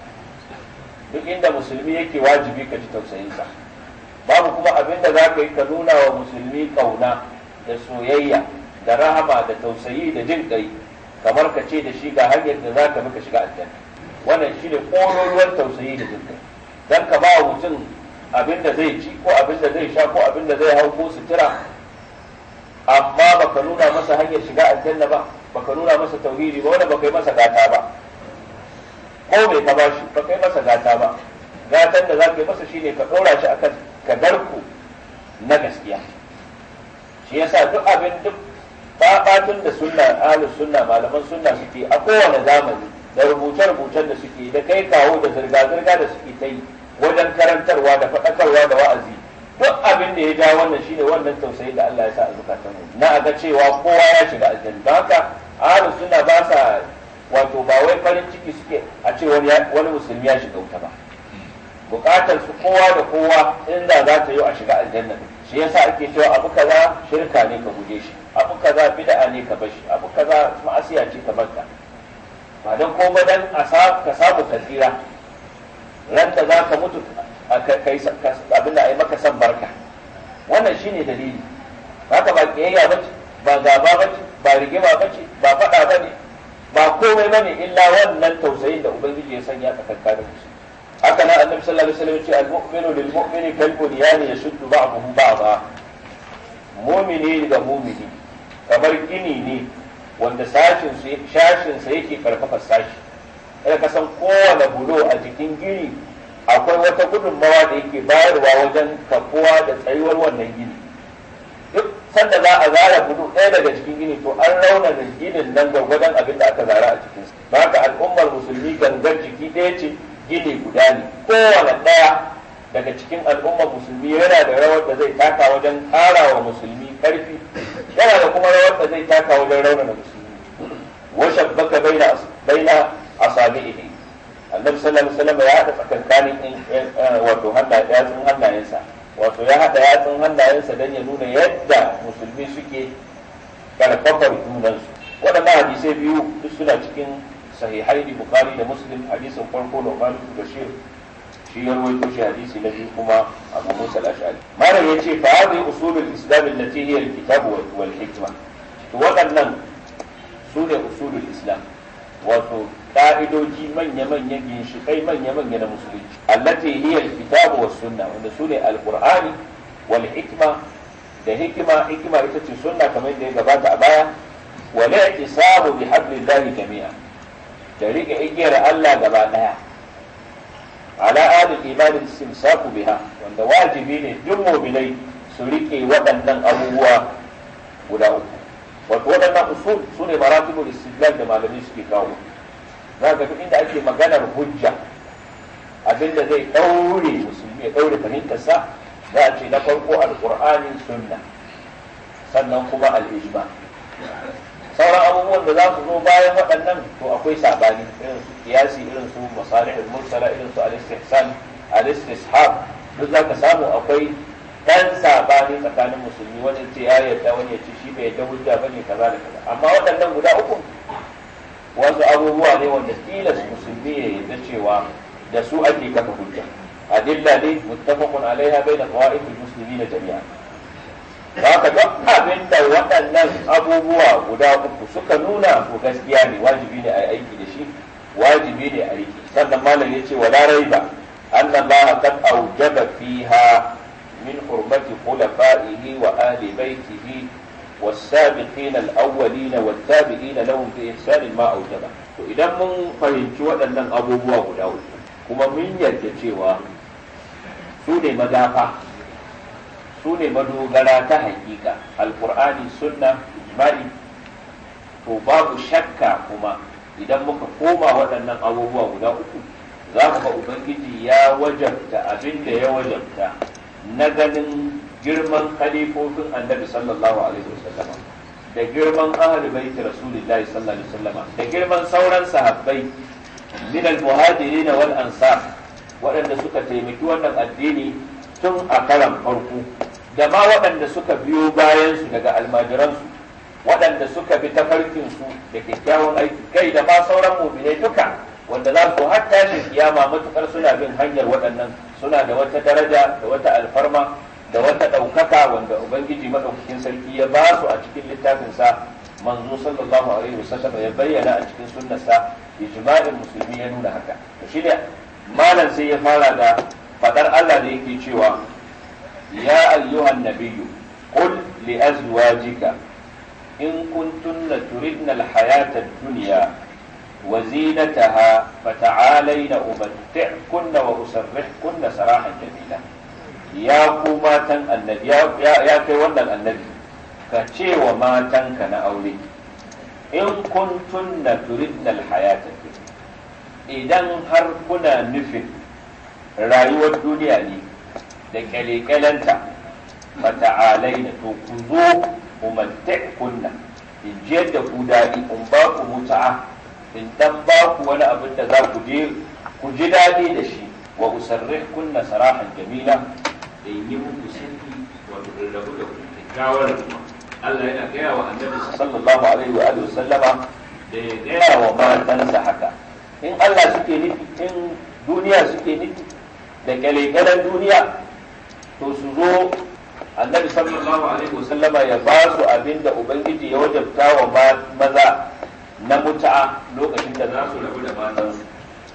duk inda musulmi yake wajibi ka ji tausayinsa babu kuma abin da za ka yi ka nuna wa musulmi kauna da soyayya da rahama da tausayi da jin ƙai kamar ka ce da shi ga hanyar da za ka muka shiga aljanna wannan shi ne ƙororuwar tausayi da jinka don ka ba mutum abin da zai ci ko abin da zai sha ko abin da zai hau ko sutura amma baka nuna masa hanyar shiga aljanna ba baka nuna masa tauhidi ba wanda baka yi masa gata ba ko bai ka bashi baka yi masa gata ba gatan da za ka yi masa ne ka ɗora shi akan ka garku na gaskiya shi yasa duk abin duk fafatun da sunna ahlus sunna malaman sunna suke a kowane zamani da rubuce-rubucen da suke da kai kawo da zirga-zirga da suke ta yi wajen karantarwa da faɗakarwa da wa'azi duk abin da ya ja wannan shine wannan tausayi da Allah ya sa a zukatan mu na ga cewa kowa ya shiga aljanna don haka ahlus sunna ba sa wato ba wai farin ciki suke a ce wani musulmi ya shiga wuta ba bukatar su kowa da kowa inda za ta yi a shiga aljanna shi yasa ake cewa abu kaza shirka ne ka guje shi abu kaza bid'a ne ka bashi abu kaza ma'asiya ce ka barka ba dan ko ba dan ka samu kasira ran da za ka mutu kai abin da ai maka san barka wannan shine dalili haka ba kiyayya ce ba gaba ba ce, ba rigima ce, ba fada ne. ba komai ne illa wannan tausayin da ubangiji ya sanya tsakankanin su haka nan annabi sallallahu alaihi wasallam ya ce al-mu'minu lil mu'mini kal bunyani yashuddu ba'dahu ba'dha mu'mini ga mu'mini kamar gini ne wanda sashinsa yake karfafa sashi kada ka san kowane bulo a jikin gini akwai wata gudunmawa da yake bayarwa wajen kafuwa da tsayuwar wannan gini duk sanda za a zara bulo ɗaya daga cikin gini to an da ginin nan gwargwadon abin da aka zara a cikinsa ba haka al'ummar musulmi gangar jiki ɗaya ce gini guda ne kowane ɗaya daga cikin al'ummar musulmi yana da rawar da zai taka wajen ƙara wa musulmi karfi yana da kuma rawar da zai taka wajen raunana musulmi wa shabbaka baina sami ihe annabi sallallahu alaihi wasallam ya hada tsakankanin eh, eh, wato yatsun hannayensa wato ya hada yatsun hannayensa dan ya nuna yadda musulmi suke karfafar junansu waɗannan hadisai biyu duk suna cikin sahihai bukhari da muslim hadisin farko da umaru bashir shi ya rawaito shi hadisi na biyu kuma abu musa al-ash'ari malam yace fa hadhihi usulul islam allati hiya al-kitab wal hikma to waɗannan su ne usulul islam wato ka'idoji manya-manyan ginshiƙai manya-manya na musulunci allati hiya al-kitab was sunna wanda su ne al-qur'ani wal hikma da hikima hikima ita ce sunna kamar yadda ya gabata a baya wal i'tisamu bi hablillahi jami'a da rike igiyar Allah gaba daya ala adil imanin simsaku biha wanda wajibi ne duk mu'minai su rike waɗannan abubuwa guda uku wato waɗannan usul su ne maratibul istidlal da malamai suke kawo za ka duk inda ake maganar hujja abinda zai ɗaure musulmi ya ɗaure fahimtarsa za a ce na farko alƙur'ani sunna sannan kuma al'ijma sauran abubuwan da za su zo bayan waɗannan to akwai sabani irin su kiyasi irin su masalihul mursala irin su al-istihsan al duk zaka samu akwai dan sabani tsakanin musulmi wani ce ya yarda wani ya ce shi bai yarda hujja bane kaza da kaza amma waɗannan guda uku wasu abubuwa ne wanda tilas musulmi ya yarda cewa da su ake kafa hujja adilla ne muttafaqun alaiha bayna qawaid al-muslimin jami'a ka duk abin da waɗannan abubuwa guda uku suka nuna to gaskiya ne wajibi ne a yi aiki da shi wajibi ne a yi sannan malam ya ce wa larai ba an nan ba kan aujaba ha min hurmati khulafa'ihi wa ali baitihi والسابقين الأولين والتابعين لهم بإحسان ما ba. to idan mun fahimci waɗannan abubuwa guda uku kuma mun yarda cewa su ne su ne madogara ta hakika alƙur'ani sunna ijma'i to babu shakka kuma idan muka koma waɗannan abubuwa guda uku za mu ga ubangiji ya wajabta abin da ya wajabta na ganin girman kalifofin annabi sallallahu alaihi wasallama da girman ahli baiti rasulillahi sallallahu alaihi wasallama da girman sauran sahabbai min al-muhajirin wal ansar waɗanda suka taimaki wannan addini tun a karan farko da ma waɗanda suka biyo bayansu daga almajiransu waɗanda suka bi tafarkinsu da kyakkyawan aiki kai da ma sauran muminai duka wanda za su har tashin kiyama matukar suna bin hanyar waɗannan suna da wata daraja da wata alfarma da wata ɗaukaka wanda ubangiji maɗaukakin sarki ya ba su a cikin littafinsa manzo sallallahu alaihi wasallam ya bayyana a cikin sunnarsa ijma'in musulmi ya nuna haka shi ne malam sai ya fara da faɗar Allah da yake cewa يا أيها النبي قل لأزواجك إن كنتن تردن الحياة الدنيا وزينتها فتعالين أمتعكن وأسرحكن سراحا جميلا يا كوماتا النبي يا يا كيوانا النبي كتشي وماتا كان أولي إن كنتن تردن الحياة الدنيا إذا هر كنا نفل rayuwar duniya ne da kyalekyalanta fata'alaina to ku zo umatta'kunna in jiyar da ku daɗi in ba ku muta'a in dan ba ku wani abin da za ku je ku ji daɗi da shi wa kunna sarahan jamila in yi muku sirri wa rabu da ku kyakkyawar Allah yana gaya wa annabi sallallahu alaihi wa alihi sallama da ya gaya wa matansa haka in Allah suke nufi in duniya suke nufi da kyalekyalen duniya to su zo annabi sallallahu alaihi wasallama ya ba su abin da ubangiji ya wajabta wa maza na mut'a lokacin da za su rabu da matansu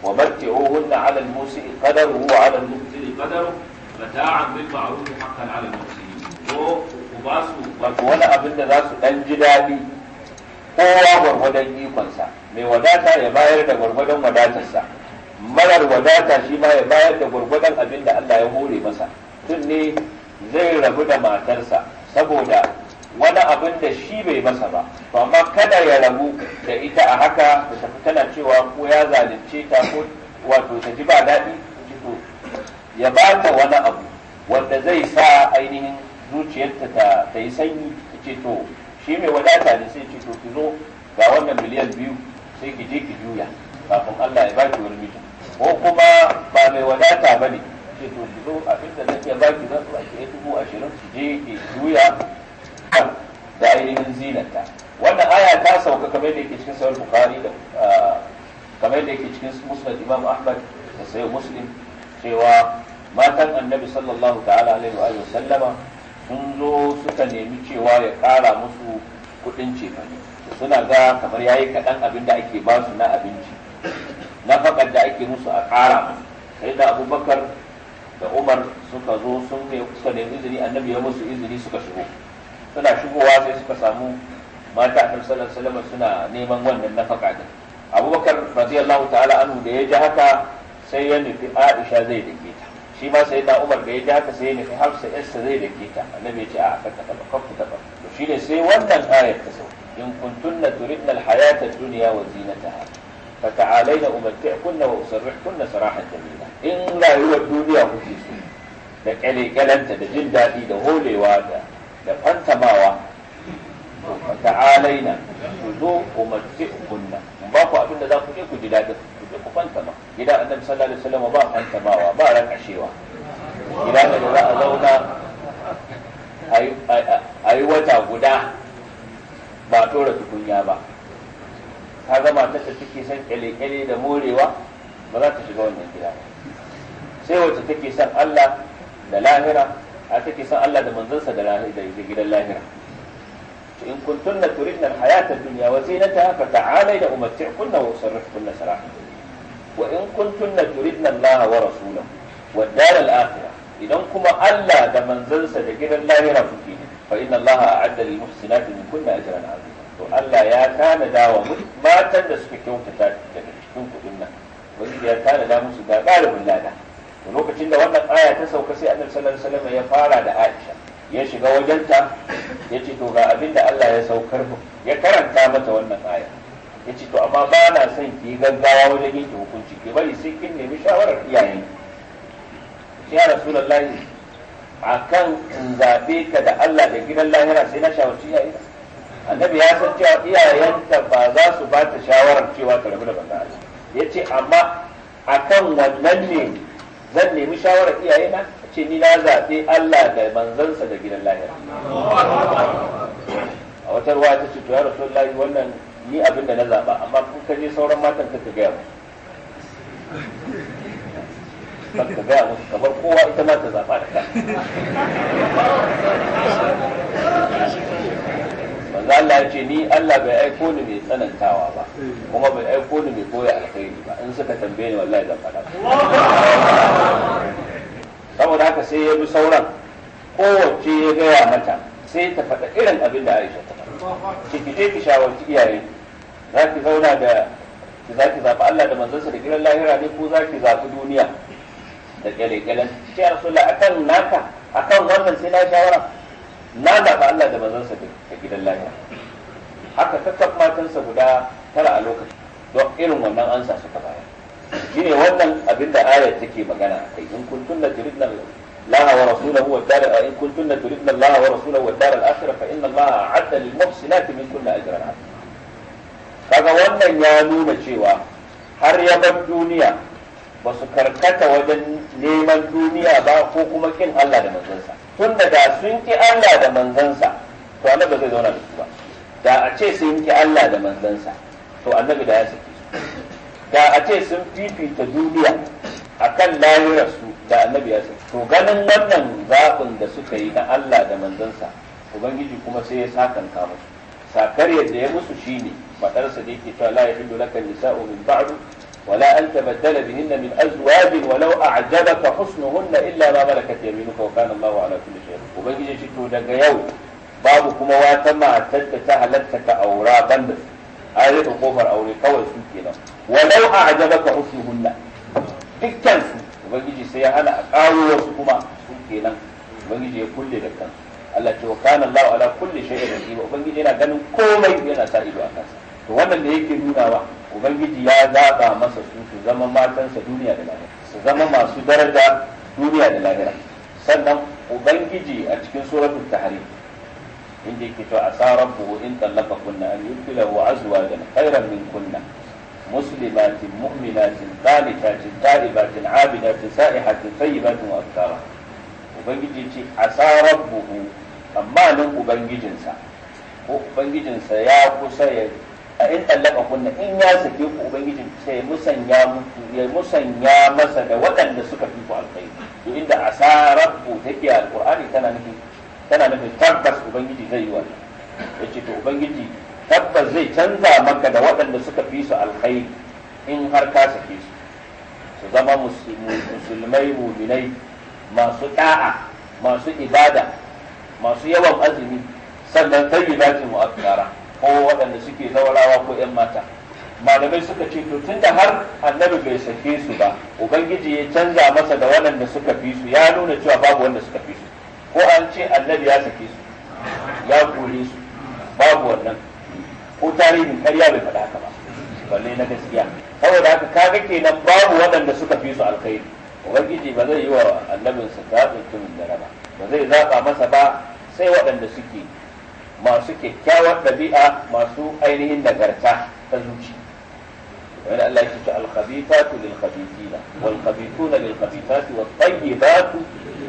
wa ohun 'ala al-musi'i qadaruhu wa 'ala al-muqtiri qadaruhu mata'an bil ma'ruf haqqan 'ala al-musi'i To ku ba su wato wani abin da za su dan ji daɗi, kowa gwargwadon ikonsa mai wadata ya bayar da gwargwadon wadatarsa marar wadata shi ma ya bayar da gwargwadon abin da Allah ya hore masa Tun ne zai rabu da matarsa saboda wani abin da shi bai masa ba to amma kada ya rabu da ita a haka da tafi tana cewa ko ya zalunce ta ko wato ta ji ba daɗi to ya ba ta wani abu wanda zai sa ainihin zuciyarta ta ta yi sanyi ce to shi mai wadata ne sai ce to ki zo ga wannan miliyan biyu sai ki je ki juya kafin Allah ya baki wani mijin ko kuma ba mai wadata ba ne? ce to ki zo abin da nake ba ki zan ɗauke dubu ashirin ki je ki juya da ainihin zinata wannan aya ta sauka kamar da yake cikin sahih bukhari da kamar da yake cikin musnad imam ahmad da sahih muslim cewa matan annabi sallallahu ta'ala alaihi wa sallama sun zo suka nemi cewa ya kara musu kudin cefane suna ga kamar yayi kaɗan abin da ake ba su na abinci na faƙar da ake musu a ƙara musu sai da abubakar da umar suka zo sun ne suka nemi izini annabi ya musu izini suka shigo suna shigowa sai suka samu mata annabi sallallahu alaihi wasallam suna neman wannan nafaka din abubakar radiyallahu ta'ala anhu da ya ji haka sai ya nufi aisha zai dake ta shi ma sai da umar da ya ji haka sai ya nufi hafsa yarsa zai dake ta annabi ya ce a kanta ta bakar ku taba to sai wannan ayar ta sau in kuntunna turidna alhayata ad-dunya wa zinataha fata'alayna umatti'kunna wa usarrihkunna sarahan jamila in rayuwar duniya kuke so da ƙalƙalanta da jin daɗi da holewa da da fantamawa ta'alaina ku zo ku mace kunna in ba ku abin da za ku je ku ji daɗin ku je ku fantama gidan annabi sallallahu alaihi wasallam ba fantamawa ba rakashewa Gida da za a zauna a yi wata guda ba tora tukunya ba ka zama ta ta son san ƙalƙale da morewa ba za ta shiga wannan gida ba sai wacce take son Allah da lahira a take son Allah da manzansa da gidan lahira in kuntunna turidna alhayata ad-dunya wa zinataha fata'alayna umatti'kunna wa usarrifkunna sarahan wa in kuntunna turidna Allah wa rasulahu wa ad-dar idan kuma Allah da manzansa da gidan lahira kuke fa inna Allah a'adda lil muhsinati minkunna ajran to Allah ya tanada wa matan da suka kyautata daga cikin kudin nan wanda ya tanada musu ga galibin lada lokacin da wannan aya ta sauka sai annabi sallallahu alaihi wasallam ya fara da Aisha ya shiga wajenta ya ce to ga abin da Allah ya saukar mu ya karanta mata wannan aya ya ce to amma ba na son ki gaggawa wajen yanke hukunci ki bari sai kin nemi shawarar iyayen ya rasulullahi akan in zabe ka da Allah da gidan lahira sai na shawarci iyaye annabi ya san cewa iyayenta ba za su ba ta shawarar cewa ka rabu da banza Allah ya ce amma akan wannan ne zan nemi shawarar iyayena a ce ni na zaɓe Allah da manzansa da gidan lahira a wata ruwa ta ce to ya rasu layi, wannan ni abin da na zaɓa amma kun ka je sauran matan ka ka gaya musu ka gaya musu kamar kowa ita ma ta zaɓa da ka manzo Allah ya ce ni Allah bai aiko ni mai tsanantawa ba kuma bai aiko ni mai koya alkhairi ba in suka tambaye ni wallahi zan faɗa saboda haka sai ya bi sauran kowace ya gaya mata sai ta faɗa irin abin da Aisha ta faɗa ciki ce ki shawarci iyaye za ki zauna da ki za ki zaɓi Allah da manzansa da gidan lahira ne ko za ki zaɓi duniya da kyale-kyalen ki ce Rasulullah akan naka akan wannan sai na shawara na ba Allah da bazansa a gidan lahira haka kakkaf matansa guda tara a lokaci, don irin wannan ansa suka bayar ne wannan abin da ayar take magana kai in kun kuntunna turidna الله ورسوله والدار إن كنتن تردن الله ورسوله والدار الآخرة فإن الله أعد للمحسنات من كل أجر عظيم kaga wannan ya nuna cewa har ya bar duniya ba su karkata wajen neman duniya ba ko kuma kin Allah da manzansa tun da sun ki Allah da manzansa to annabi zai zauna da su ba da a ce sun ki Allah da manzansa to annabi da ya saki da a ce sun fifita duniya a kan su da annabi ya saki to ganin wannan zaɓin da suka yi na Allah da manzansa ubangiji kuma sai ya sakanka musu sakar yadda ya musu shine faɗarsa da yake cewa la yahillu laka nisa'u min ba'du ولا أن تبدل بهن من أزواج ولو أعجبك حسنهن إلا ما ملكت يمينك وكان الله على كل شيء وبنجي شكو دقا يوم babu kuma wata matar da ta halatta ka aura banda su an rufe kofar aure kawai su kenan walau a ka husnuhunna dukkan su ubangiji sai ya a karo kuma su kenan ubangiji ya kulle da kansu Allah ce wa kana Allah ala kulli ubangiji yana ganin komai yana sa ido a kansa to wannan da yake nunawa ubangiji ya zaɓa masa su su zama matansa duniya da lahira su zama masu daraja duniya da lahira sannan ubangiji a cikin suratul tahrim inda yake to asa rabbuhu in tallaqa kunna an yubtila wa azwajan khayran min kunna muslimatin mu'minatin qanitatin ta'ibatin abidatin sa'ihatin tayyibatin wa abkara ubangiji ce asa rabbuhu amma nan ubangijinsa ko ubangijinsa ya kusa ya a in tallaka kunna in ya sake ku ubangijin sai musanya muku ya musanya masa da waɗanda suka fi ku alkhairi to inda asara ku take alqur'ani tana nufin tana nufin tabbas ubangiji zai yi wannan yace to ubangiji tabbas zai canza maka da waɗanda suka fi su alƙai in har ka sake su su zama musulmai muminai masu da'a masu ibada masu yawan azumi sannan tayyibatin mu'akkara ko waɗanda suke zaurawa ko 'yan mata malamai suka ce to tunda har annabi bai sake su ba ubangiji ya canza masa da waɗanda suka fi su ya nuna cewa babu wanda suka fi su ko an ce annabi ya sake su ya kore su babu wannan ko tarihin karya bai faɗa haka ba balle na gaskiya saboda haka ka ga kenan babu waɗanda suka fi su alkhairi ubangiji ba zai yi wa annabinsa zaɓin tumin da raba ba zai zaɓa masa ba sai waɗanda suke masu kyakkyawar ɗabi'a masu ainihin nagarta ta zuci wani Allah ya ce al-khabithatu lil khabithina wal khabithuna lil khabithati wat tayyibatu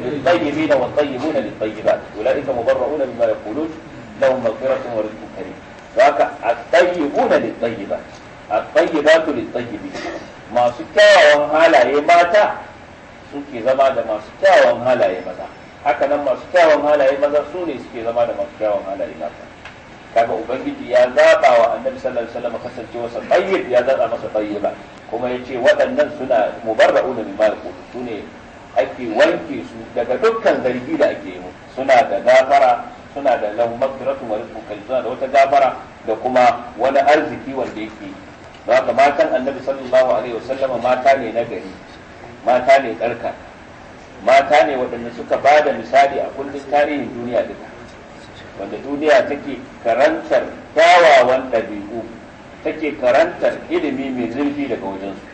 lil tayyibina wat tayyibuna lil tayyibat ulaika mubarra'una mimma yaqulun lahum maghfiratun wa rizqun karim haka at-tayyibuna lil tayyibat at-tayyibatu lil tayyibin masu kyawawan halaye mata suke zama da masu kyawawan halaye maza haka nan masu kyawun halaye maza su ne suke zama da masu kyawun halaye mata kaga ubangiji ya zaba wa annabi sallallahu alaihi wasallam kasancewa sa tayyib ya zaba masa tayyiba kuma yace waɗannan suna mubarra'un min yaqulu su ne ake wanke su daga dukkan zargi da ake yi suna da gafara suna da lahu magfiratu wa rizqu suna da wata gafara da kuma wani arziki wanda yake don haka matan annabi sallallahu alaihi wasallam mata ne na gari mata ne tsarkaka mata ne waɗanda suka ba da misali a kundin tarihin duniya duka wanda duniya take karantar kyawawan ɗabi'u take karantar ilimi mai zurfi daga wajensu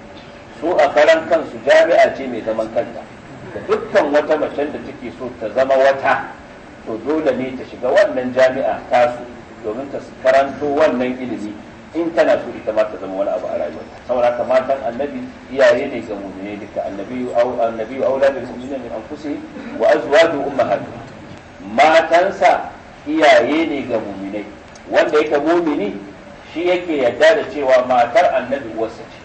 su a karan kansu jami'a ce mai zaman kanta da dukkan wata macen da take so ta zama wata to dole ne ta shiga wannan jami'a tasu domin ta karanto wannan ilimi in tana so ita ma ta zama wani abu a rayuwa saboda haka matan annabi iyaye ne ga mu'mine duka annabi au annabi aula bil mu'minina min anfusihim wa azwajuhum matan matansa iyaye ne ga mu'minai wanda yake mu'mini shi yake yadda da cewa matar annabi uwarsa ce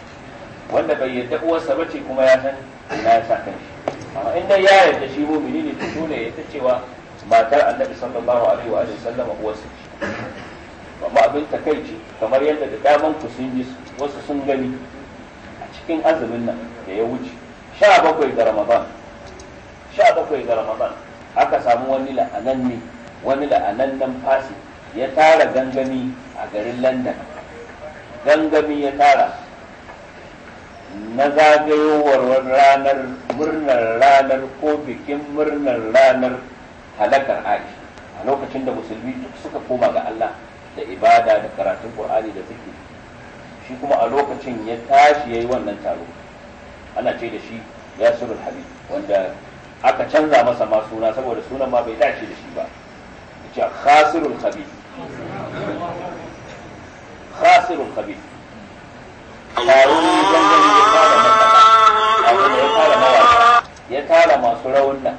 wanda bai yadda uwarsa ba ce kuma ya san ina ya sa kanshi amma in dai ya yadda shi mu'mini ne to dole ya ta cewa matar annabi sallallahu alaihi wa sallam uwarsa ce amma abin takaici kamar yadda da daman ku sun ji wasu sun gani a cikin azumin nan da ya wuce sha bakwai ga ramadan sha bakwai ga ramadan aka samu wani ne wani la'anannen fasi ya tara gangami a garin london gangami ya tara na zagayowar ranar murnar ranar ko bikin murnar ranar halakar aiki a lokacin da musulmi suka koma ga allah da ibada da karatun qur'ani da zikiri shi kuma a lokacin ya tashi yayi wannan taro ana ce da shi yasirul habib wanda aka canza masa ma suna saboda sunan ma bai dace da shi ba yace khasirul habib khasirul habib taro ne dangane ya tara mawaka ya tara masu raunin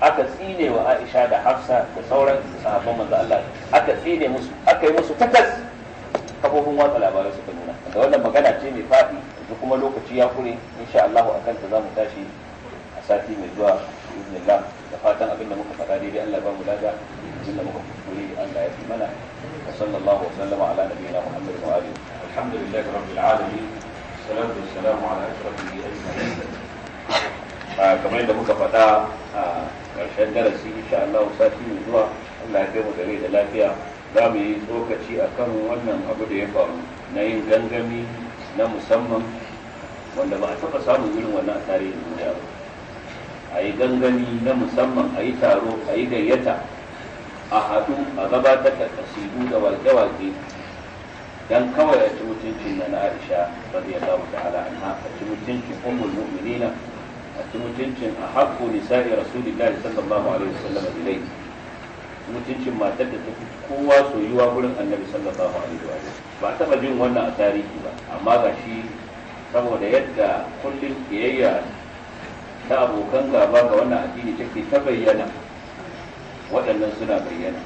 aka tsine wa Aisha da Hafsa da sauran sahabban manzo Allah aka tsine musu aka yi musu takas kafofin watsa labarai suka nuna da wannan magana ce mai faɗi da kuma lokaci ya kure insha Allah akan ta zamu tashi a sati mai zuwa bismillah da fatan abinda muka faɗa daidai Allah ba mu lada abinda muka kuskure Allah ya fi mana wa sallallahu wa sallama ala nabiyina Muhammad wa alihi alhamdulillahi rabbil alamin salatu wassalamu ala ashrafil anbiya'i kamar yadda muka faɗa karshen darasi insha Allah sati mai zuwa Allah ya mu gare da lafiya za mu yi tsokaci kan wannan abu da ya faru na yin gangami na musamman wanda ba a taɓa samun irin wannan a tarihin duniya ba a yi gangami na musamman a yi taro a yi gayyata a haɗu a gabatar da kasidu da wake-wake dan kawai a ci mutuncin na na aisha radiyallahu ta'ala anha a ci mutuncin ummul mu'minina a mutuncin a haƙƙo nisa'i rasulillahi sallallahu alaihi wasallam ilai mutuncin matar da ta fi kowa soyuwa wurin annabi sallallahu alaihi wa ba taɓa jin wannan a tarihi ba amma ga shi saboda yadda kullum kiyayya ta abokan gaba ga wannan addini take ta bayyana waɗannan suna bayyana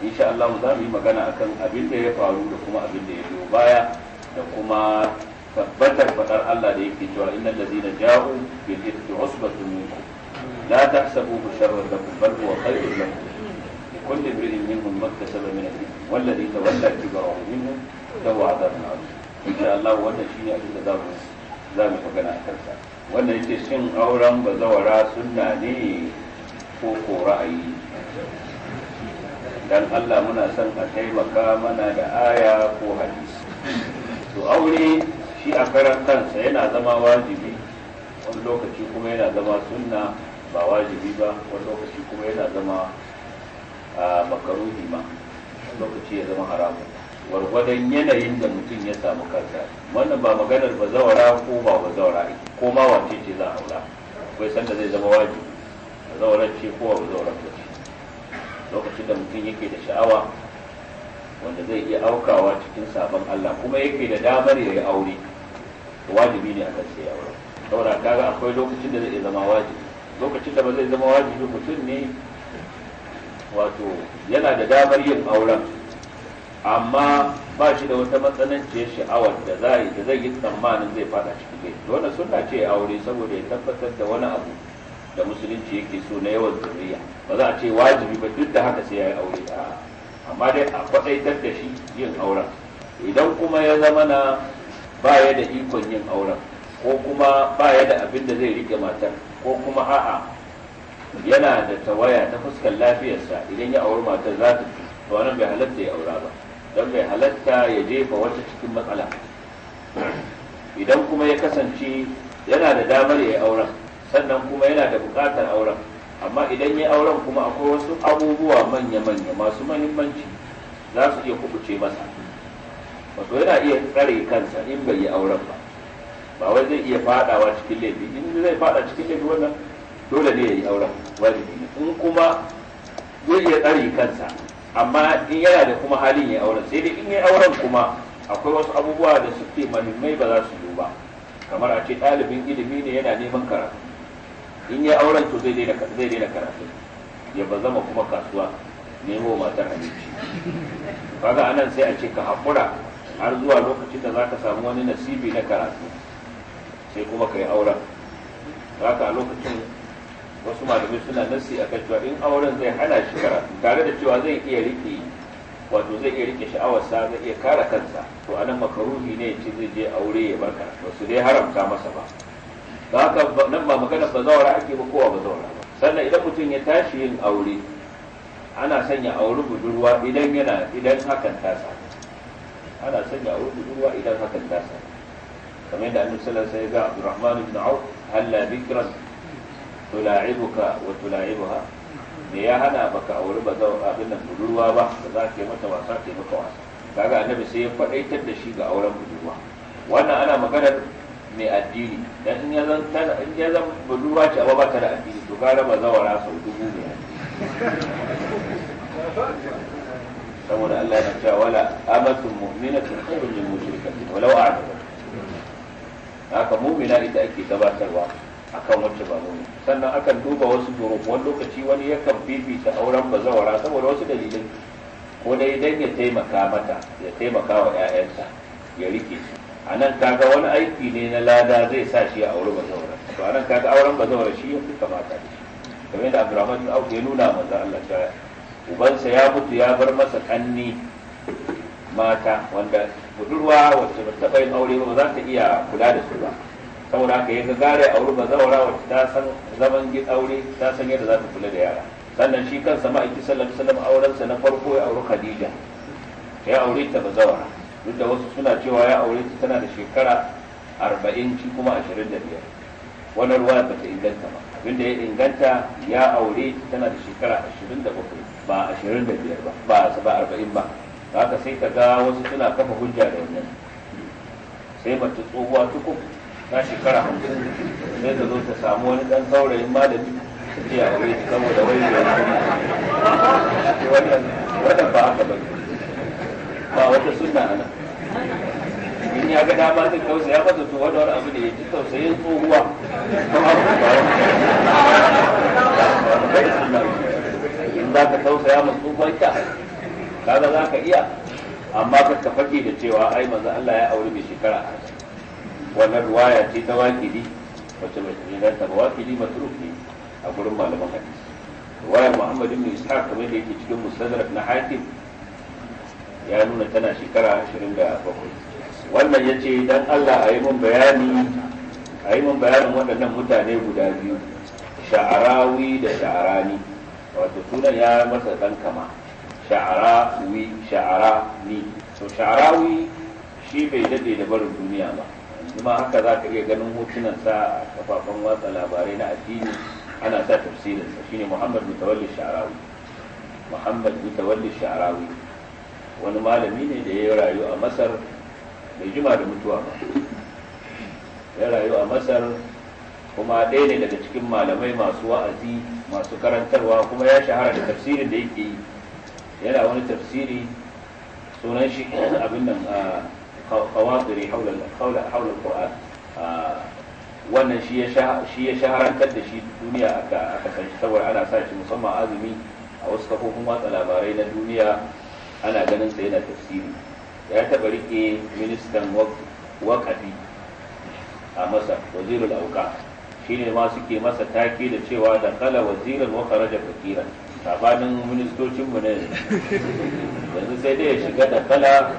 insha Allah za mu yi magana akan abin da ya faru da kuma abin da ya biyo baya da kuma tabbatar faɗar Allah da yake cewa innal ladina ja'u bil ithmi usbatun minkum la tahsabuhu sharran lakum bal huwa khayrun lakum لكل امرئ منهم ما اكتسب من الاثم والذي تولى كبره منهم له عذاب عظيم ان شاء الله wannan shine abin da za mu magana a kansa wannan yake shin auren bazawara sunna ne ko ko ra'ayi dan Allah muna son a taimaka mana da aya ko hadisi to aure shi a karan kansa yana zama wajibi wani lokaci kuma yana zama sunna ba wajibi ba wani lokaci kuma yana zama makaruhi ma lokaci ya zama haramu gwargwadon yanayin da mutum ya samu kansa wannan ba maganar ba zaura ko ba ba zaura ko ma wace ce za a wula akwai sanda zai zama wajibi ba zawarar ce ko ba zawarar ce lokacin da mutum yake da sha'awa wanda zai iya aukawa cikin sabon Allah kuma yake da damar ya yi aure wajibi ne akan sai aure saboda kaga akwai lokacin da zai zama wajibi lokacin da ba zai zama wajibi mutum ne wato yana da damar yin auren amma ba shi da wata matsananciyar sha'awar da zai da zai yi tsammanin zai fada ciki ne wannan sunna ce aure saboda ya tabbatar da wani abu da musulunci yake so na yawan zuriya ba za a ce wajibi ba duk da haka sai ya yi aure amma dai a kwadaitar da shi yin auren idan kuma ya zama na ba ya da ikon yin auren ko kuma baya da abin da zai rike matar ko kuma a'a yana da tawaya ta fuskar lafiyarsa idan ya auri matar za ta fi to wannan bai halatta ya aura ba don bai halatta ya jefa wata cikin matsala idan kuma ya kasance yana da damar ya auren sannan kuma yana da bukatar auren amma idan ya auren kuma akwai wasu abubuwa manya-manya masu mahimmanci za su iya kubuce masa wato yana iya tsare kansa in bai yi auren ba ba wai zai iya fadawa cikin laifi in zai fada cikin laifi wannan dole ne ya yi auren wajibi in kuma zai iya tsare kansa amma in yana da kuma halin ya auren sai dai in ya auren kuma akwai wasu abubuwa da suke mahimmai ba za su yi ba kamar a ce ɗalibin ilimi ne yana neman karatu in ya auren to zai daina karatu ya ba zama kuma kasuwa nemo matar abinci kaga anan sai a ce ka haƙura har zuwa lokacin da za ka samu wani nasibi na karatu sai kuma ka yi auren Za ka a lokacin wasu malami suna nasi a kan cewa in auren zai hana shi karatu tare da cewa zai iya rike wato zai iya rike sha'awarsa zai iya kare kansa to anan makaruhi ne ce zai je aure ya bar karatu su dai haramta masa ba ba haka nan ba magana bazawara ake ba kowa bazawara ba sannan idan mutum ya tashi yin aure ana sanya auri budurwa idan yana idan hakan ta samu ana sanya a wurin ruwa idan hakan ta kamar yadda annabi sallallahu alaihi wasallam ya ga Abdurrahman ibn Auf halla bikran tula'ibuka wa tula'ibuha me ya hana baka aure ba zau abin nan budurwa ba ba za ka yi mata wasa ka yi mata wasa kaga annabi sai ya faɗaitar da shi ga auren budurwa wannan ana maganar mai addini dan in ya zan in ya zan budurwa ce amma ba ta da addini to gara ba zawara sau dubu ne saboda Allah na cewa wala amatun mu'minatun khairun min mushrikati walau a'jabat haka mu'mina ita ake gabatarwa akan wacce ba mu sannan akan duba wasu duruf wani lokaci wani yakan bibita auren bazawara saboda wasu dalilai ko dai dan ya taimaka mata ya taimaka wa ƴaƴansa ya rike su a nan kaga wani aiki ne na lada zai sa shi a auren bazawara to a nan kaga auren bazawara shi ya fi kamata da shi kamar yadda Abdurrahman bin Auf ya nuna manzo Allah ta ubansa ya mutu ya bar masa kanni mata wanda budurwa wacce ba taɓa yin aure ba za ta iya kula da su ba saboda haka ya gare a wurin bazawara wacce ta san zaman gid aure ta san yadda za ta kula da yara sannan shi kansa ma'aiki sallallahu alaihi aurensa na farko ya auri khadija ya aure ta bazawara duk da wasu suna cewa ya aure ta tana da shekara arba'in ci kuma ashirin da biyar wannan ruwa ba ta inganta ba abinda ya inganta ya aure ta tana da shekara ashirin da bakwai ba ashirin da biyar ba ba ba arba'in ba haka sai ka ga wasu suna kafa hujja da wannan sai mace tsohuwa tukun na shekara hamsin sai ta zo ta samu wani dan saurayin malami ta ce a wuri saboda wani da wani wannan ba haka ba ba wata suna ana in ya ga dama zai kausa ya fasa to wani abu ne ya ji tausayin tsohuwa ba wani ba wani shin za ka tausaya masu Ka kaga za ka iya amma ka ka fake da cewa ai manzo Allah ya aure mai shekara wannan ruwaya ce ta wakili wacce mai inganta ba wakili matruki a gurin malaman hadisi ruwayar Muhammad ibn Ishaq kamar da yake cikin Mustadrak na Hakim ya nuna tana shekara bakwai. wannan ce dan Allah a yi mun bayani a yi mun bayanin waɗannan mutane guda biyu sha'arawi da sha'arani wato sunan ya masa dan kama sha'ara ni to sha'arawi shi bai dade da barin duniya ba kuma haka za ka iya ganin hotunan sa a kafafen watsa labarai na addini ana sa tafsirin sa shine Muhammad Mutawalli sha'arawi Muhammad Mutawalli sha'arawi wani malami ne da ya rayu a Masar bai jima da mutuwa ba ya rayu a Masar kuma ɗaya ne daga cikin malamai masu wa'azi masu karantarwa kuma ya shahara da tafsirin da yake yi yana wani tafsiri sunan shi abin nan kawaziri haula qur'an wannan shi ya shaharantar da shi duniya aka san shi saboda ana sa shi musamman azumi a wasu kafofin watsa labarai na duniya ana ganin sa yana tafsiri ya taɓa rike ministan wakafi a masa wazirul auka shine ma suke masa taki da cewa da kala wazirin wa kharaja fakiran sabanin ministocin mu ne yanzu sai dai ya shiga da kala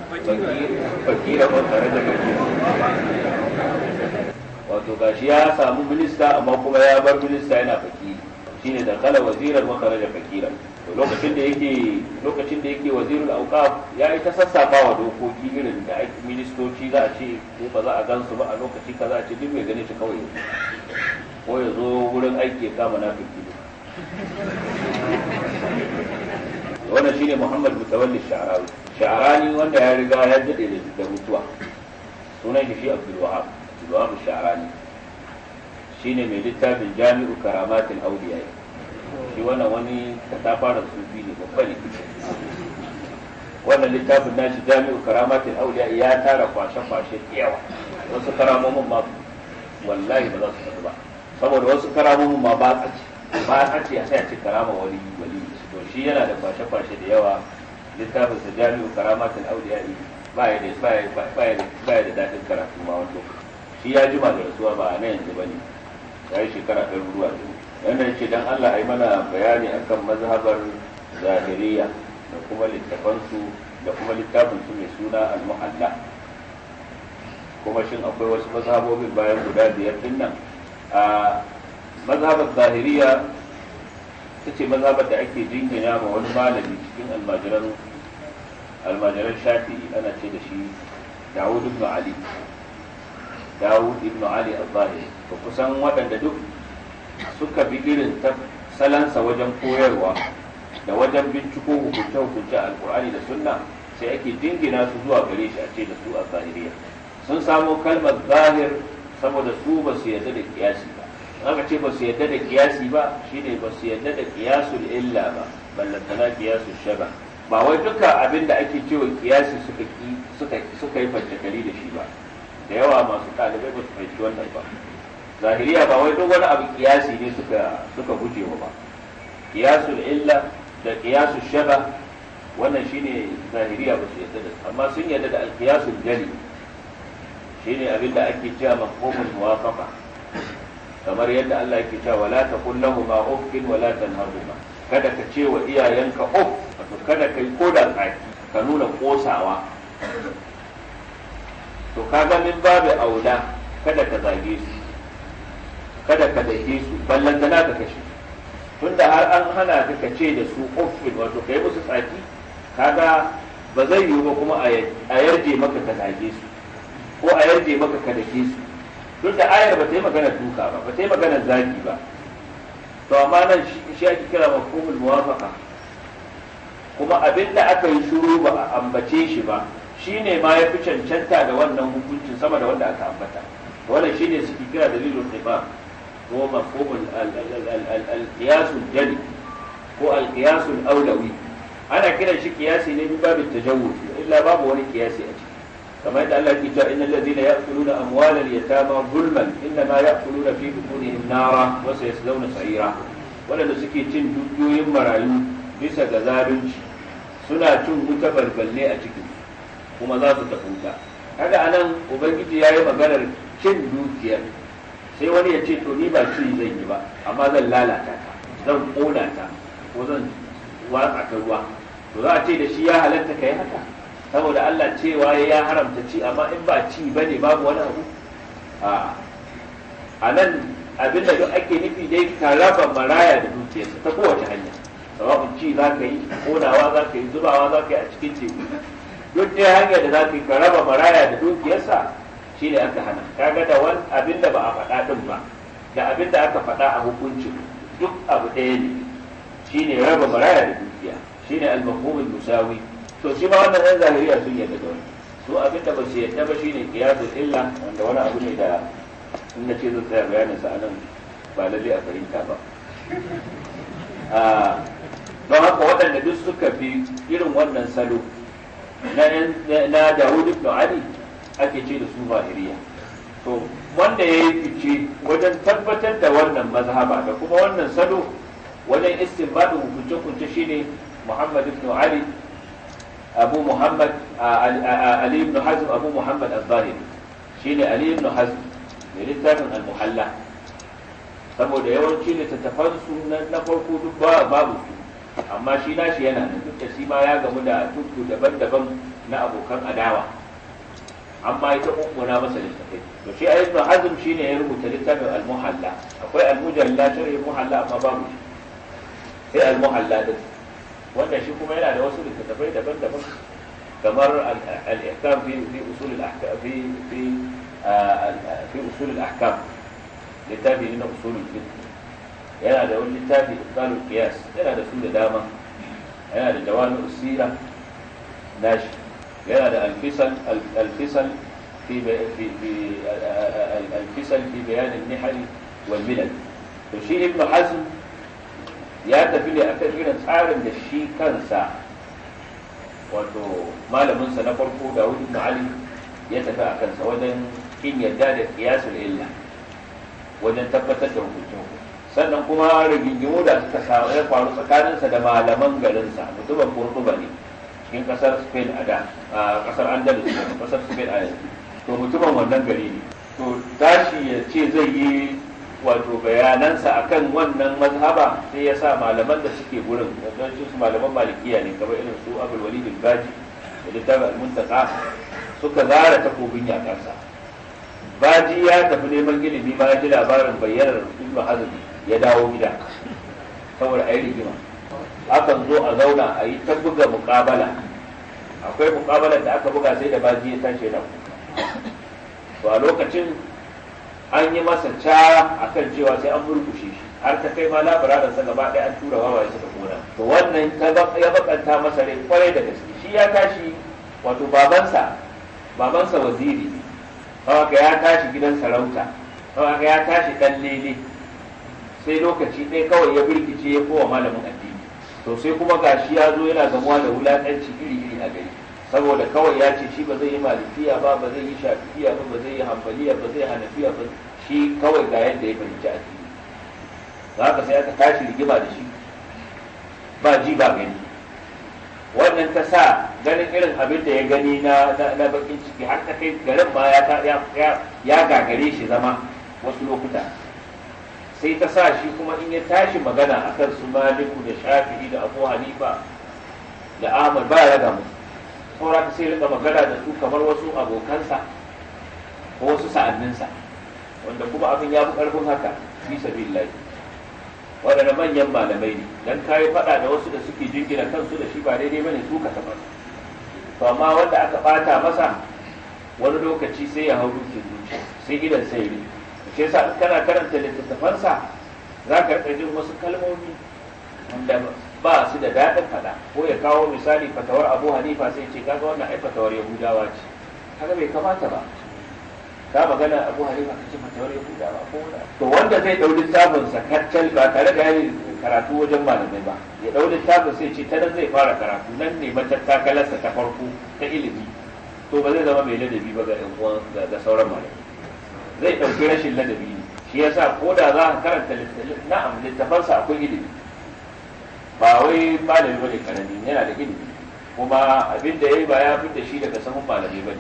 fakira wa kharaja fakiran wato gashi ya samu minista amma kuma ya bar minista yana fakiri shine da kala wazirin wa kharaja fakiran lokacin da yake lokacin da yake wazirul auqaf ya yi ta sassafa wa dokoki irin da ministoci za a ce ko ba za a gansu ba a lokaci kaza a ce duk mai gane shi kawai ko ya zo wurin aiki ya kama na fifilo wannan shine muhammad mutawalli sha'arawi sha'arani wanda ya riga ya daɗe da mutuwa sunan shi abdul wahab sha'arani shine mai littafin jami'u karamatin awliya shi wannan wani katafaren sufi ne babba ne wannan littafin nashi jami'u karamatin awliya ya tara kwashe-kwashe yawa wasu karamomin ma wallahi ba za su tafi ba saboda wasu karamomin ma ba ce ba a ce a sai a ce karama wali wali to shi yana da kwashe kwashe da yawa littafin sa jami'u karamatul tun ba ya da ba ya da ba karatu ma wato shi ya jima da rasuwa ba na yanzu bane ya yi shekara ruwa da wannan yake dan Allah ai mana bayani akan mazhabar zahiriya da kuma littafansu da kuma littafin mai suna al-muhalla kuma shin akwai wasu mazhabobin bayan guda biyar din a mazhabar zahiriya ta ce mazhabar da ake jingina ma wani malami cikin almajiran almajiran ana ce da shi dawud ibn ali dawud ibn ali al-zahiri Ko kusan waɗanda duk suka bi irin ta salansa wajen koyarwa da wajen binciko hukunce hukunce alkur'ani da sunna sai ake jingina su zuwa gare shi a ce da su a zahiriya sun samo kalmar zahir saboda su ba su yarda da kiyasi ba aka ce ba su yarda da kiyasi ba shine ba su yarda da kiyasul illa ba ballantana kiyasul shaba ba wai duka abin da ake cewa kiyasi suka ki suka suka yi fatakari da shi ba da yawa masu talibai ba su fahimci wannan ba zahiriya ba wai duk wani abu kiyasi ne suka suka gujewa ba kiyasul illa da kiyasul shaba wannan shine zahiriya ba su yarda da amma sun yarda da alkiyasul jali shine abin da ake cewa mafhumul muwafaqa kamar yadda Allah yake cewa la taqul lahum uffin wa la tanharhuma kada ka ce wa iyayenka uff wato kada ka kai kodan tsaki ka nuna kosawa to kaga min babu aula kada ka zage su kada ka dake su ballan da ka kashe tunda har an hana ka kace da su uffin wato kai musu tsaki kaga ba zai yiwu ba kuma a yarje maka ka zage su ko a yarje maka ka dake su duk da ayar ba ta yi magana duka ba ba ta yi magana zagi ba to amma nan shi ake kira mafhumul muwafaka kuma abin da aka yi shuru ba a ambace shi ba shine ma ya fi cancanta da wannan hukuncin sama da wanda aka ambata wannan ne suke kira dalilul ba ko mafhumul al jali ko al aulawi ana kiran shi kiyasi ne bi babin tajawuz illa babu wani kiyasi a ciki kamar yadda Allah ke cewa innal ladina ya'kuluna amwalal yatama zulman innama ya'kuluna fi butunihim nara wa sayaslawna sa'ira wanda suke cin dukiyoyin marayu bisa ga zalunci suna cin wuta balballe a cikin kuma za su tafi wuta kaga anan ubangiji yayi maganar cin dukiyar sai wani ya ce to ni ba shi zan yi ba amma zan lalata ta zan kona ta ko zan watsa ta ruwa to za a ce da shi ya halatta kai haka saboda Allah cewa ya haramta ci amma in ba ci bane babu wani abu a a nan abin da duk ake nufi dai ka maraya da dukiyarsa ta kowace hanya sawa'un ci za ka yi konawa za ka yi zubawa za ka yi a cikin teku duk ɗaya hanyar da za ka yi karaba raba maraya da dukiyarsa shi ne aka hana kaga da wani abin da ba a faɗa ɗin ba da abin da aka faɗa a hukuncin duk abu ɗaya ne shi ne raba maraya da dukiya shi ne al musawi to shi ma wannan ɗan zahiriya sun yadda da wani su abin da ba su yadda ba shine kiyasu illa wanda wani abu ne da in na ce tsaya bayanin sa anan ba lalle a fahimta ba ah, don haka waɗanda duk suka fi irin wannan salo na Dawud ibn Ali ake ce da su zahiriya to wanda ya yi fice wajen tabbatar da wannan mazhaba da kuma wannan salo wajen istinbadin hukunce-hukunce shine Muhammad ibn Ali abu muhammad ali ibn hazm abu muhammad az shine ali ibn hazm mai littafin al saboda yawanci littattafan su na farko duk babu su amma shi nashi yana da duk shi ma ya gamu da tuttu daban-daban na abokan adawa amma ita kukkuna masa littafai to shi ayyub bin hazm shine ya rubuta littafin al akwai al-mujalla sharhi muhalla babu wannan shi kuma yana da wasu littattafai daban-daban kamar al-ihkam fi fi usul al-ahkam fi fi fi usul al-ahkam littafi ne na usul al-fiqh yana da wani littafi ibtal al-qiyas yana da su da dama yana da jawami'us sira nashi yana da al-fisal al-fisal في في في الفصل في بيان النحل والملل وشيء ابن حزم ya tafi ne akan irin tsarin da shi kansa wato malaminsa na farko da ibn ali ya tafi a kansa wajen kin yarda da qiyasul illa wajen tabbatar da hukuncin sannan kuma rigingimu da suka samu ya faru tsakaninsa da malaman garinsa mutumin kurkuba ne cikin kasar spain a da kasar andalus kasar spain a yanzu to mutumin wannan gari ne to tashi ya ce zai yi wato bayanansa a kan wannan mazhaba sai ya sa malaman da suke gurin don su malaman malikiya ne kamar irin su abul walid baji da littafin al muntaka suka zara takobin yakarsa baji ya tafi neman ilimi ma ji labarin bayyanar ibn hazm ya dawo gida saboda ayi rigima akan zo a zauna a yi ta buga muƙabala akwai muƙabalar da aka buga sai da baji ya tashi da to a lokacin an yi masa cara kan cewa sai an burkushe shi har ta kai ma labararinsa gaba ɗaya an tura wawaye suka gona to wannan ya bakanta masa rai kwarai da gaske shi ya tashi wato babansa babansa waziri haka ya tashi gidan sarauta haka ya tashi ɗan lele sai lokaci ɗaya kawai ya birkice ya kowa malamin addini to sai kuma gashi ya zo yana gamuwa da wulaƙanci iri-iri a gari saboda kawai ya ce shi ba zai yi malikiya ba ba zai yi shafiya ba ba zai yi hanbaliya ba zai hanafiya ba shi kawai ga yadda ya fahimci addini za ka sai aka tashi rigima da shi ba ji ba gani wannan ta sa ganin irin abin da ya gani na na bakin ciki har ta kai garin ba ya ya gagare shi zama wasu lokuta sai ta sa shi kuma in ya tashi magana akan su maliku da shafi'i da abu hanifa da ahmad ba ya ga musu saura ka sai rinka magana da su kamar wasu abokansa ko wasu sa'anninsa wanda kuma abin ya fi karfin haka fi lai waɗanda manyan malamai ne don kayi faɗa da wasu da suke jingina kansu da shi ba daidai bane su ka taɓa to amma wanda aka ɓata masa wani lokaci sai ya hau dukin zuciya sai gidan sai ne shi yasa kana karanta littattafansa za ka rika jin wasu kalmomi ba su da daɗin faɗa ko ya kawo misali fatawar abu hanifa sai ce kaga wannan ai fatawar yahudawa ce kaga bai kamata ba ka magana abu hanifa ka ce fatawar yahudawa ko to wanda zai ɗau littafin sa kaccal ba tare da yayi karatu wajen malamai ba ya ɗau littafin sai ce ta nan zai fara karatu nan ne matattakalarsa ta farko ta ilimi to ba zai zama mai ladabi ba ga ƴan uwan ga sauran malamai zai ɗauki rashin ladabi ne shi yasa ko da za ka karanta littafin na'am littafansa akwai ilimi ba wai malami bane karami yana da ilimi kuma abin da ya yi ba ya fi da shi daga saman malami bane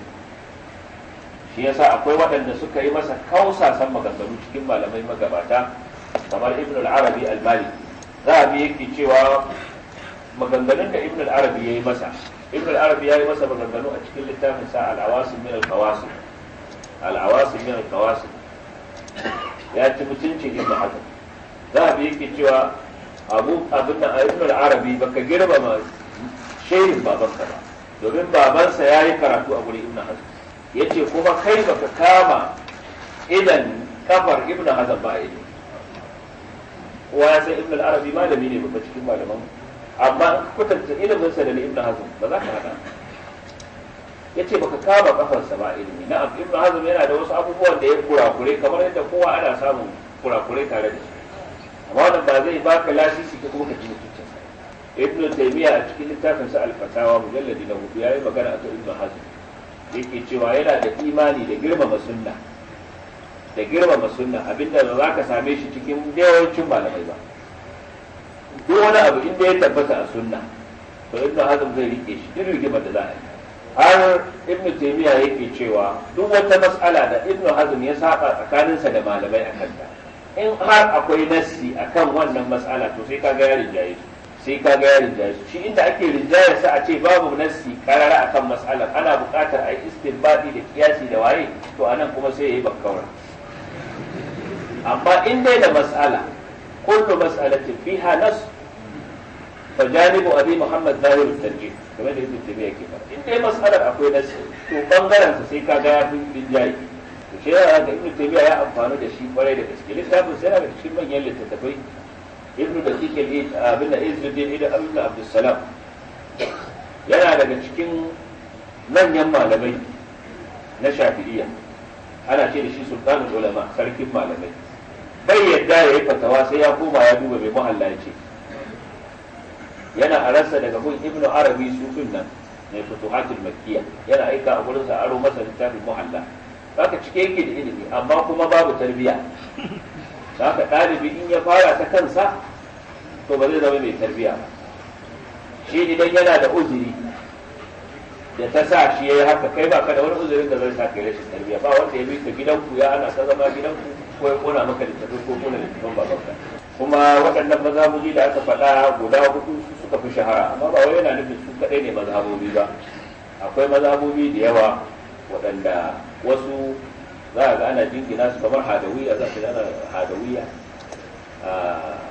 shi yasa akwai waɗanda suka yi masa kausasan maganganu cikin malamai magabata kamar ibn al-arabi al-maliki zahabi yake cewa maganganun da ibn al-arabi yi masa ibn al-arabi yi masa maganganu a cikin littafin sa al-awasim min al-qawasim al-awasim min al-qawasim ya ci mutuncin ibn hajar zahabi yake cewa abu abin nan a ibn arabi baka ma shehin ka ba domin babansa ya yi karatu a gurin ibn hazm ya ce kuma kai baka kama idan kafar ibn hazm ba ilimi kowa ya san ibn arabi malami ne babba cikin malaman amma kwatanta iliminsa da na ibn hazm ba za ka hada ya ce baka kama kafarsa ba ilimi na ibn hazm yana da wasu abubuwan da ya kurakure kamar yadda kowa ana samun kurakure tare da shi amma wannan ba zai baka lasisi ka kuma ka ji mutuncin sa ibnu taymiya a cikin littafin sa al-fatawa mujalladi na hudu yayi magana akan ibnu hazm yake cewa yana da imani da girmama sunna da girmama sunna abinda ba za ka same shi cikin yawancin malamai ba duk wani abu inda ya tabbata a sunna to ibnu hazm zai rike shi duk rigimar da za a yi har ibnu taymiya yake cewa duk wata mas'ala da ibnu hazm ya saba tsakaninsa da malamai a kanta in har akwai nassi akan wannan matsala to sai ka ga ya rinjaye su sai ka ga ya rinjaye su shi inda ake rinjaye su a ce babu nassi karara akan mas'alar ana buƙatar a yi istinbadi da kiyasi da waye to a nan kuma sai ya yi bakkaura amma in dai da mas'ala kullu mas'alatin fiha fa janibu abi Muhammad ظاهر الترجيح kamar da ibn tabiya ke fara in dai mas'alar akwai nassi to bangaren sa sai ka ya rinjaye. da yawa da ibnu taymiya ya amfana da shi kwarai da gaske littafin sai daga cikin manyan littattafai ibnu da kike abin da izzuddin ibn abdul abdussalam yana daga cikin manyan malamai na shafi'iyya ana ce da shi sultanul ulama sarkin malamai bai yadda ya yi fatawa sai ya koma ya duba mai muhalla ya ce yana ararsa daga gun ibnu arabi sufin nan mai futuhatul makkiya yana aika a sa aro masa littafin muhalla kaka cike yake da ilimi amma kuma babu tarbiya kaka ɗalibi in ya fara ta kansa to ba zai zama mai tarbiya ba shi idan yana da uzuri da ta sa shi ya yi haka kai ba ka da wani uzurin da zai sa kai rashin tarbiya ba wanda ya bi gidan gidanku ya ana ta zama gidanku ko ya kona maka littafin ko kona littafin babanka kuma waɗannan mazhabobi da aka faɗa guda hudu suka fi shahara amma ba wai yana nufin su kaɗai ne mazhabobi ba akwai mazhabobi da yawa waɗanda wasu za a ga ana jingina su kamar hadawiya za su ana hadawiya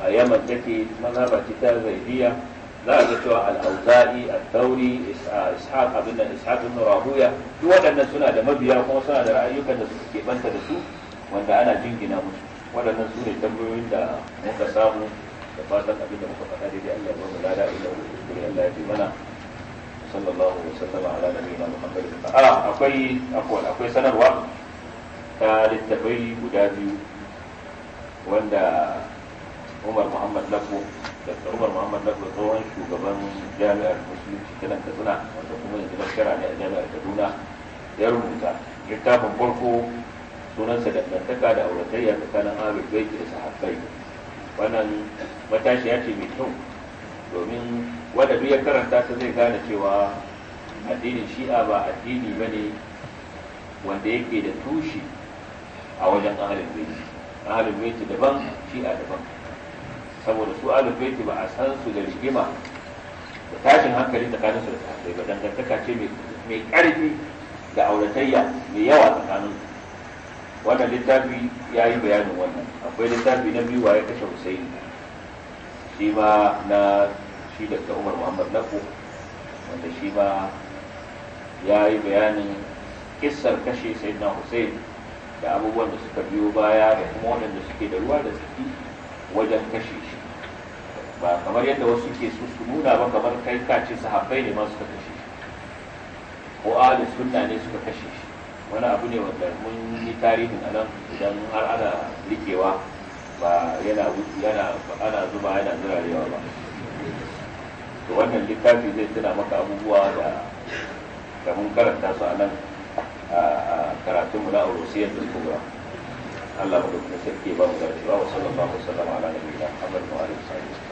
a yaman take mazaba ce ta zaidiya za a ga cewa al a al a ishaq abin nan ishaq ibn rahuya duk waɗannan suna da mabiya kuma suna da ra'ayyukan da suke banta da su wanda ana jingina musu waɗannan su ne tambayoyin da muka samu da fatan abin da muka faɗa daidai Allah ya ba mu lada ila Allah ya bi mana sallallahu alaihi sallama ala nabiyina muhammad ala ah, akwai akwai akwai sanarwa ta littafai guda biyu wanda Umar Muhammad Lako da Umar Muhammad Lako tsohon shugaban jami'ar musulunci ta nan Katsina wanda kuma yanzu bashara ne a jami'ar Kaduna ya rubuta littafin farko sunansa da dantaka da auratayya tsakanin Ahlul Bait da Sahabbai wannan matashiya ce mai kyau domin wanda duk ya karanta ta zai gane cewa addinin shi'a ba addini ba ne wanda yake da tushe a wajen ahalin beti ahalin beti daban shi'a daban saboda su ahalin beti ba a san su da rigima da tashin hankali tsakanin su da tafai ba dangantaka ce mai ƙarfi da auratayya mai yawa tsakanin su wannan littafi ya yi bayanin wannan akwai littafi na biyu wa ya kashe husaini shi ba na shi ta umar muhammad lako wanda shi ba ya yi bayanin kissar kashe sayyidina hussein da abubuwan da suka biyo baya da kuma waɗanda suke da ruwa da tsaki wajen kashe shi ba kamar yadda wasu ke su su nuna ba kamar kai kace sahabbai ne ma suka kashe shi ko ahli sunna ne suka kashe shi wani abu ne wanda mun yi tarihin anan idan har ana rikewa ba yana wuce yana ana zuba yana zirarewa ba to wannan littafi zai tuna maka abubuwa da da mun karanta su a nan a karatun mu na Urusiyar Kubra Allah mu da kuma sarki ba mu da cewa wa sallallahu alaihi wa sallam ala nabiyina Muhammad wa alihi wa sahbihi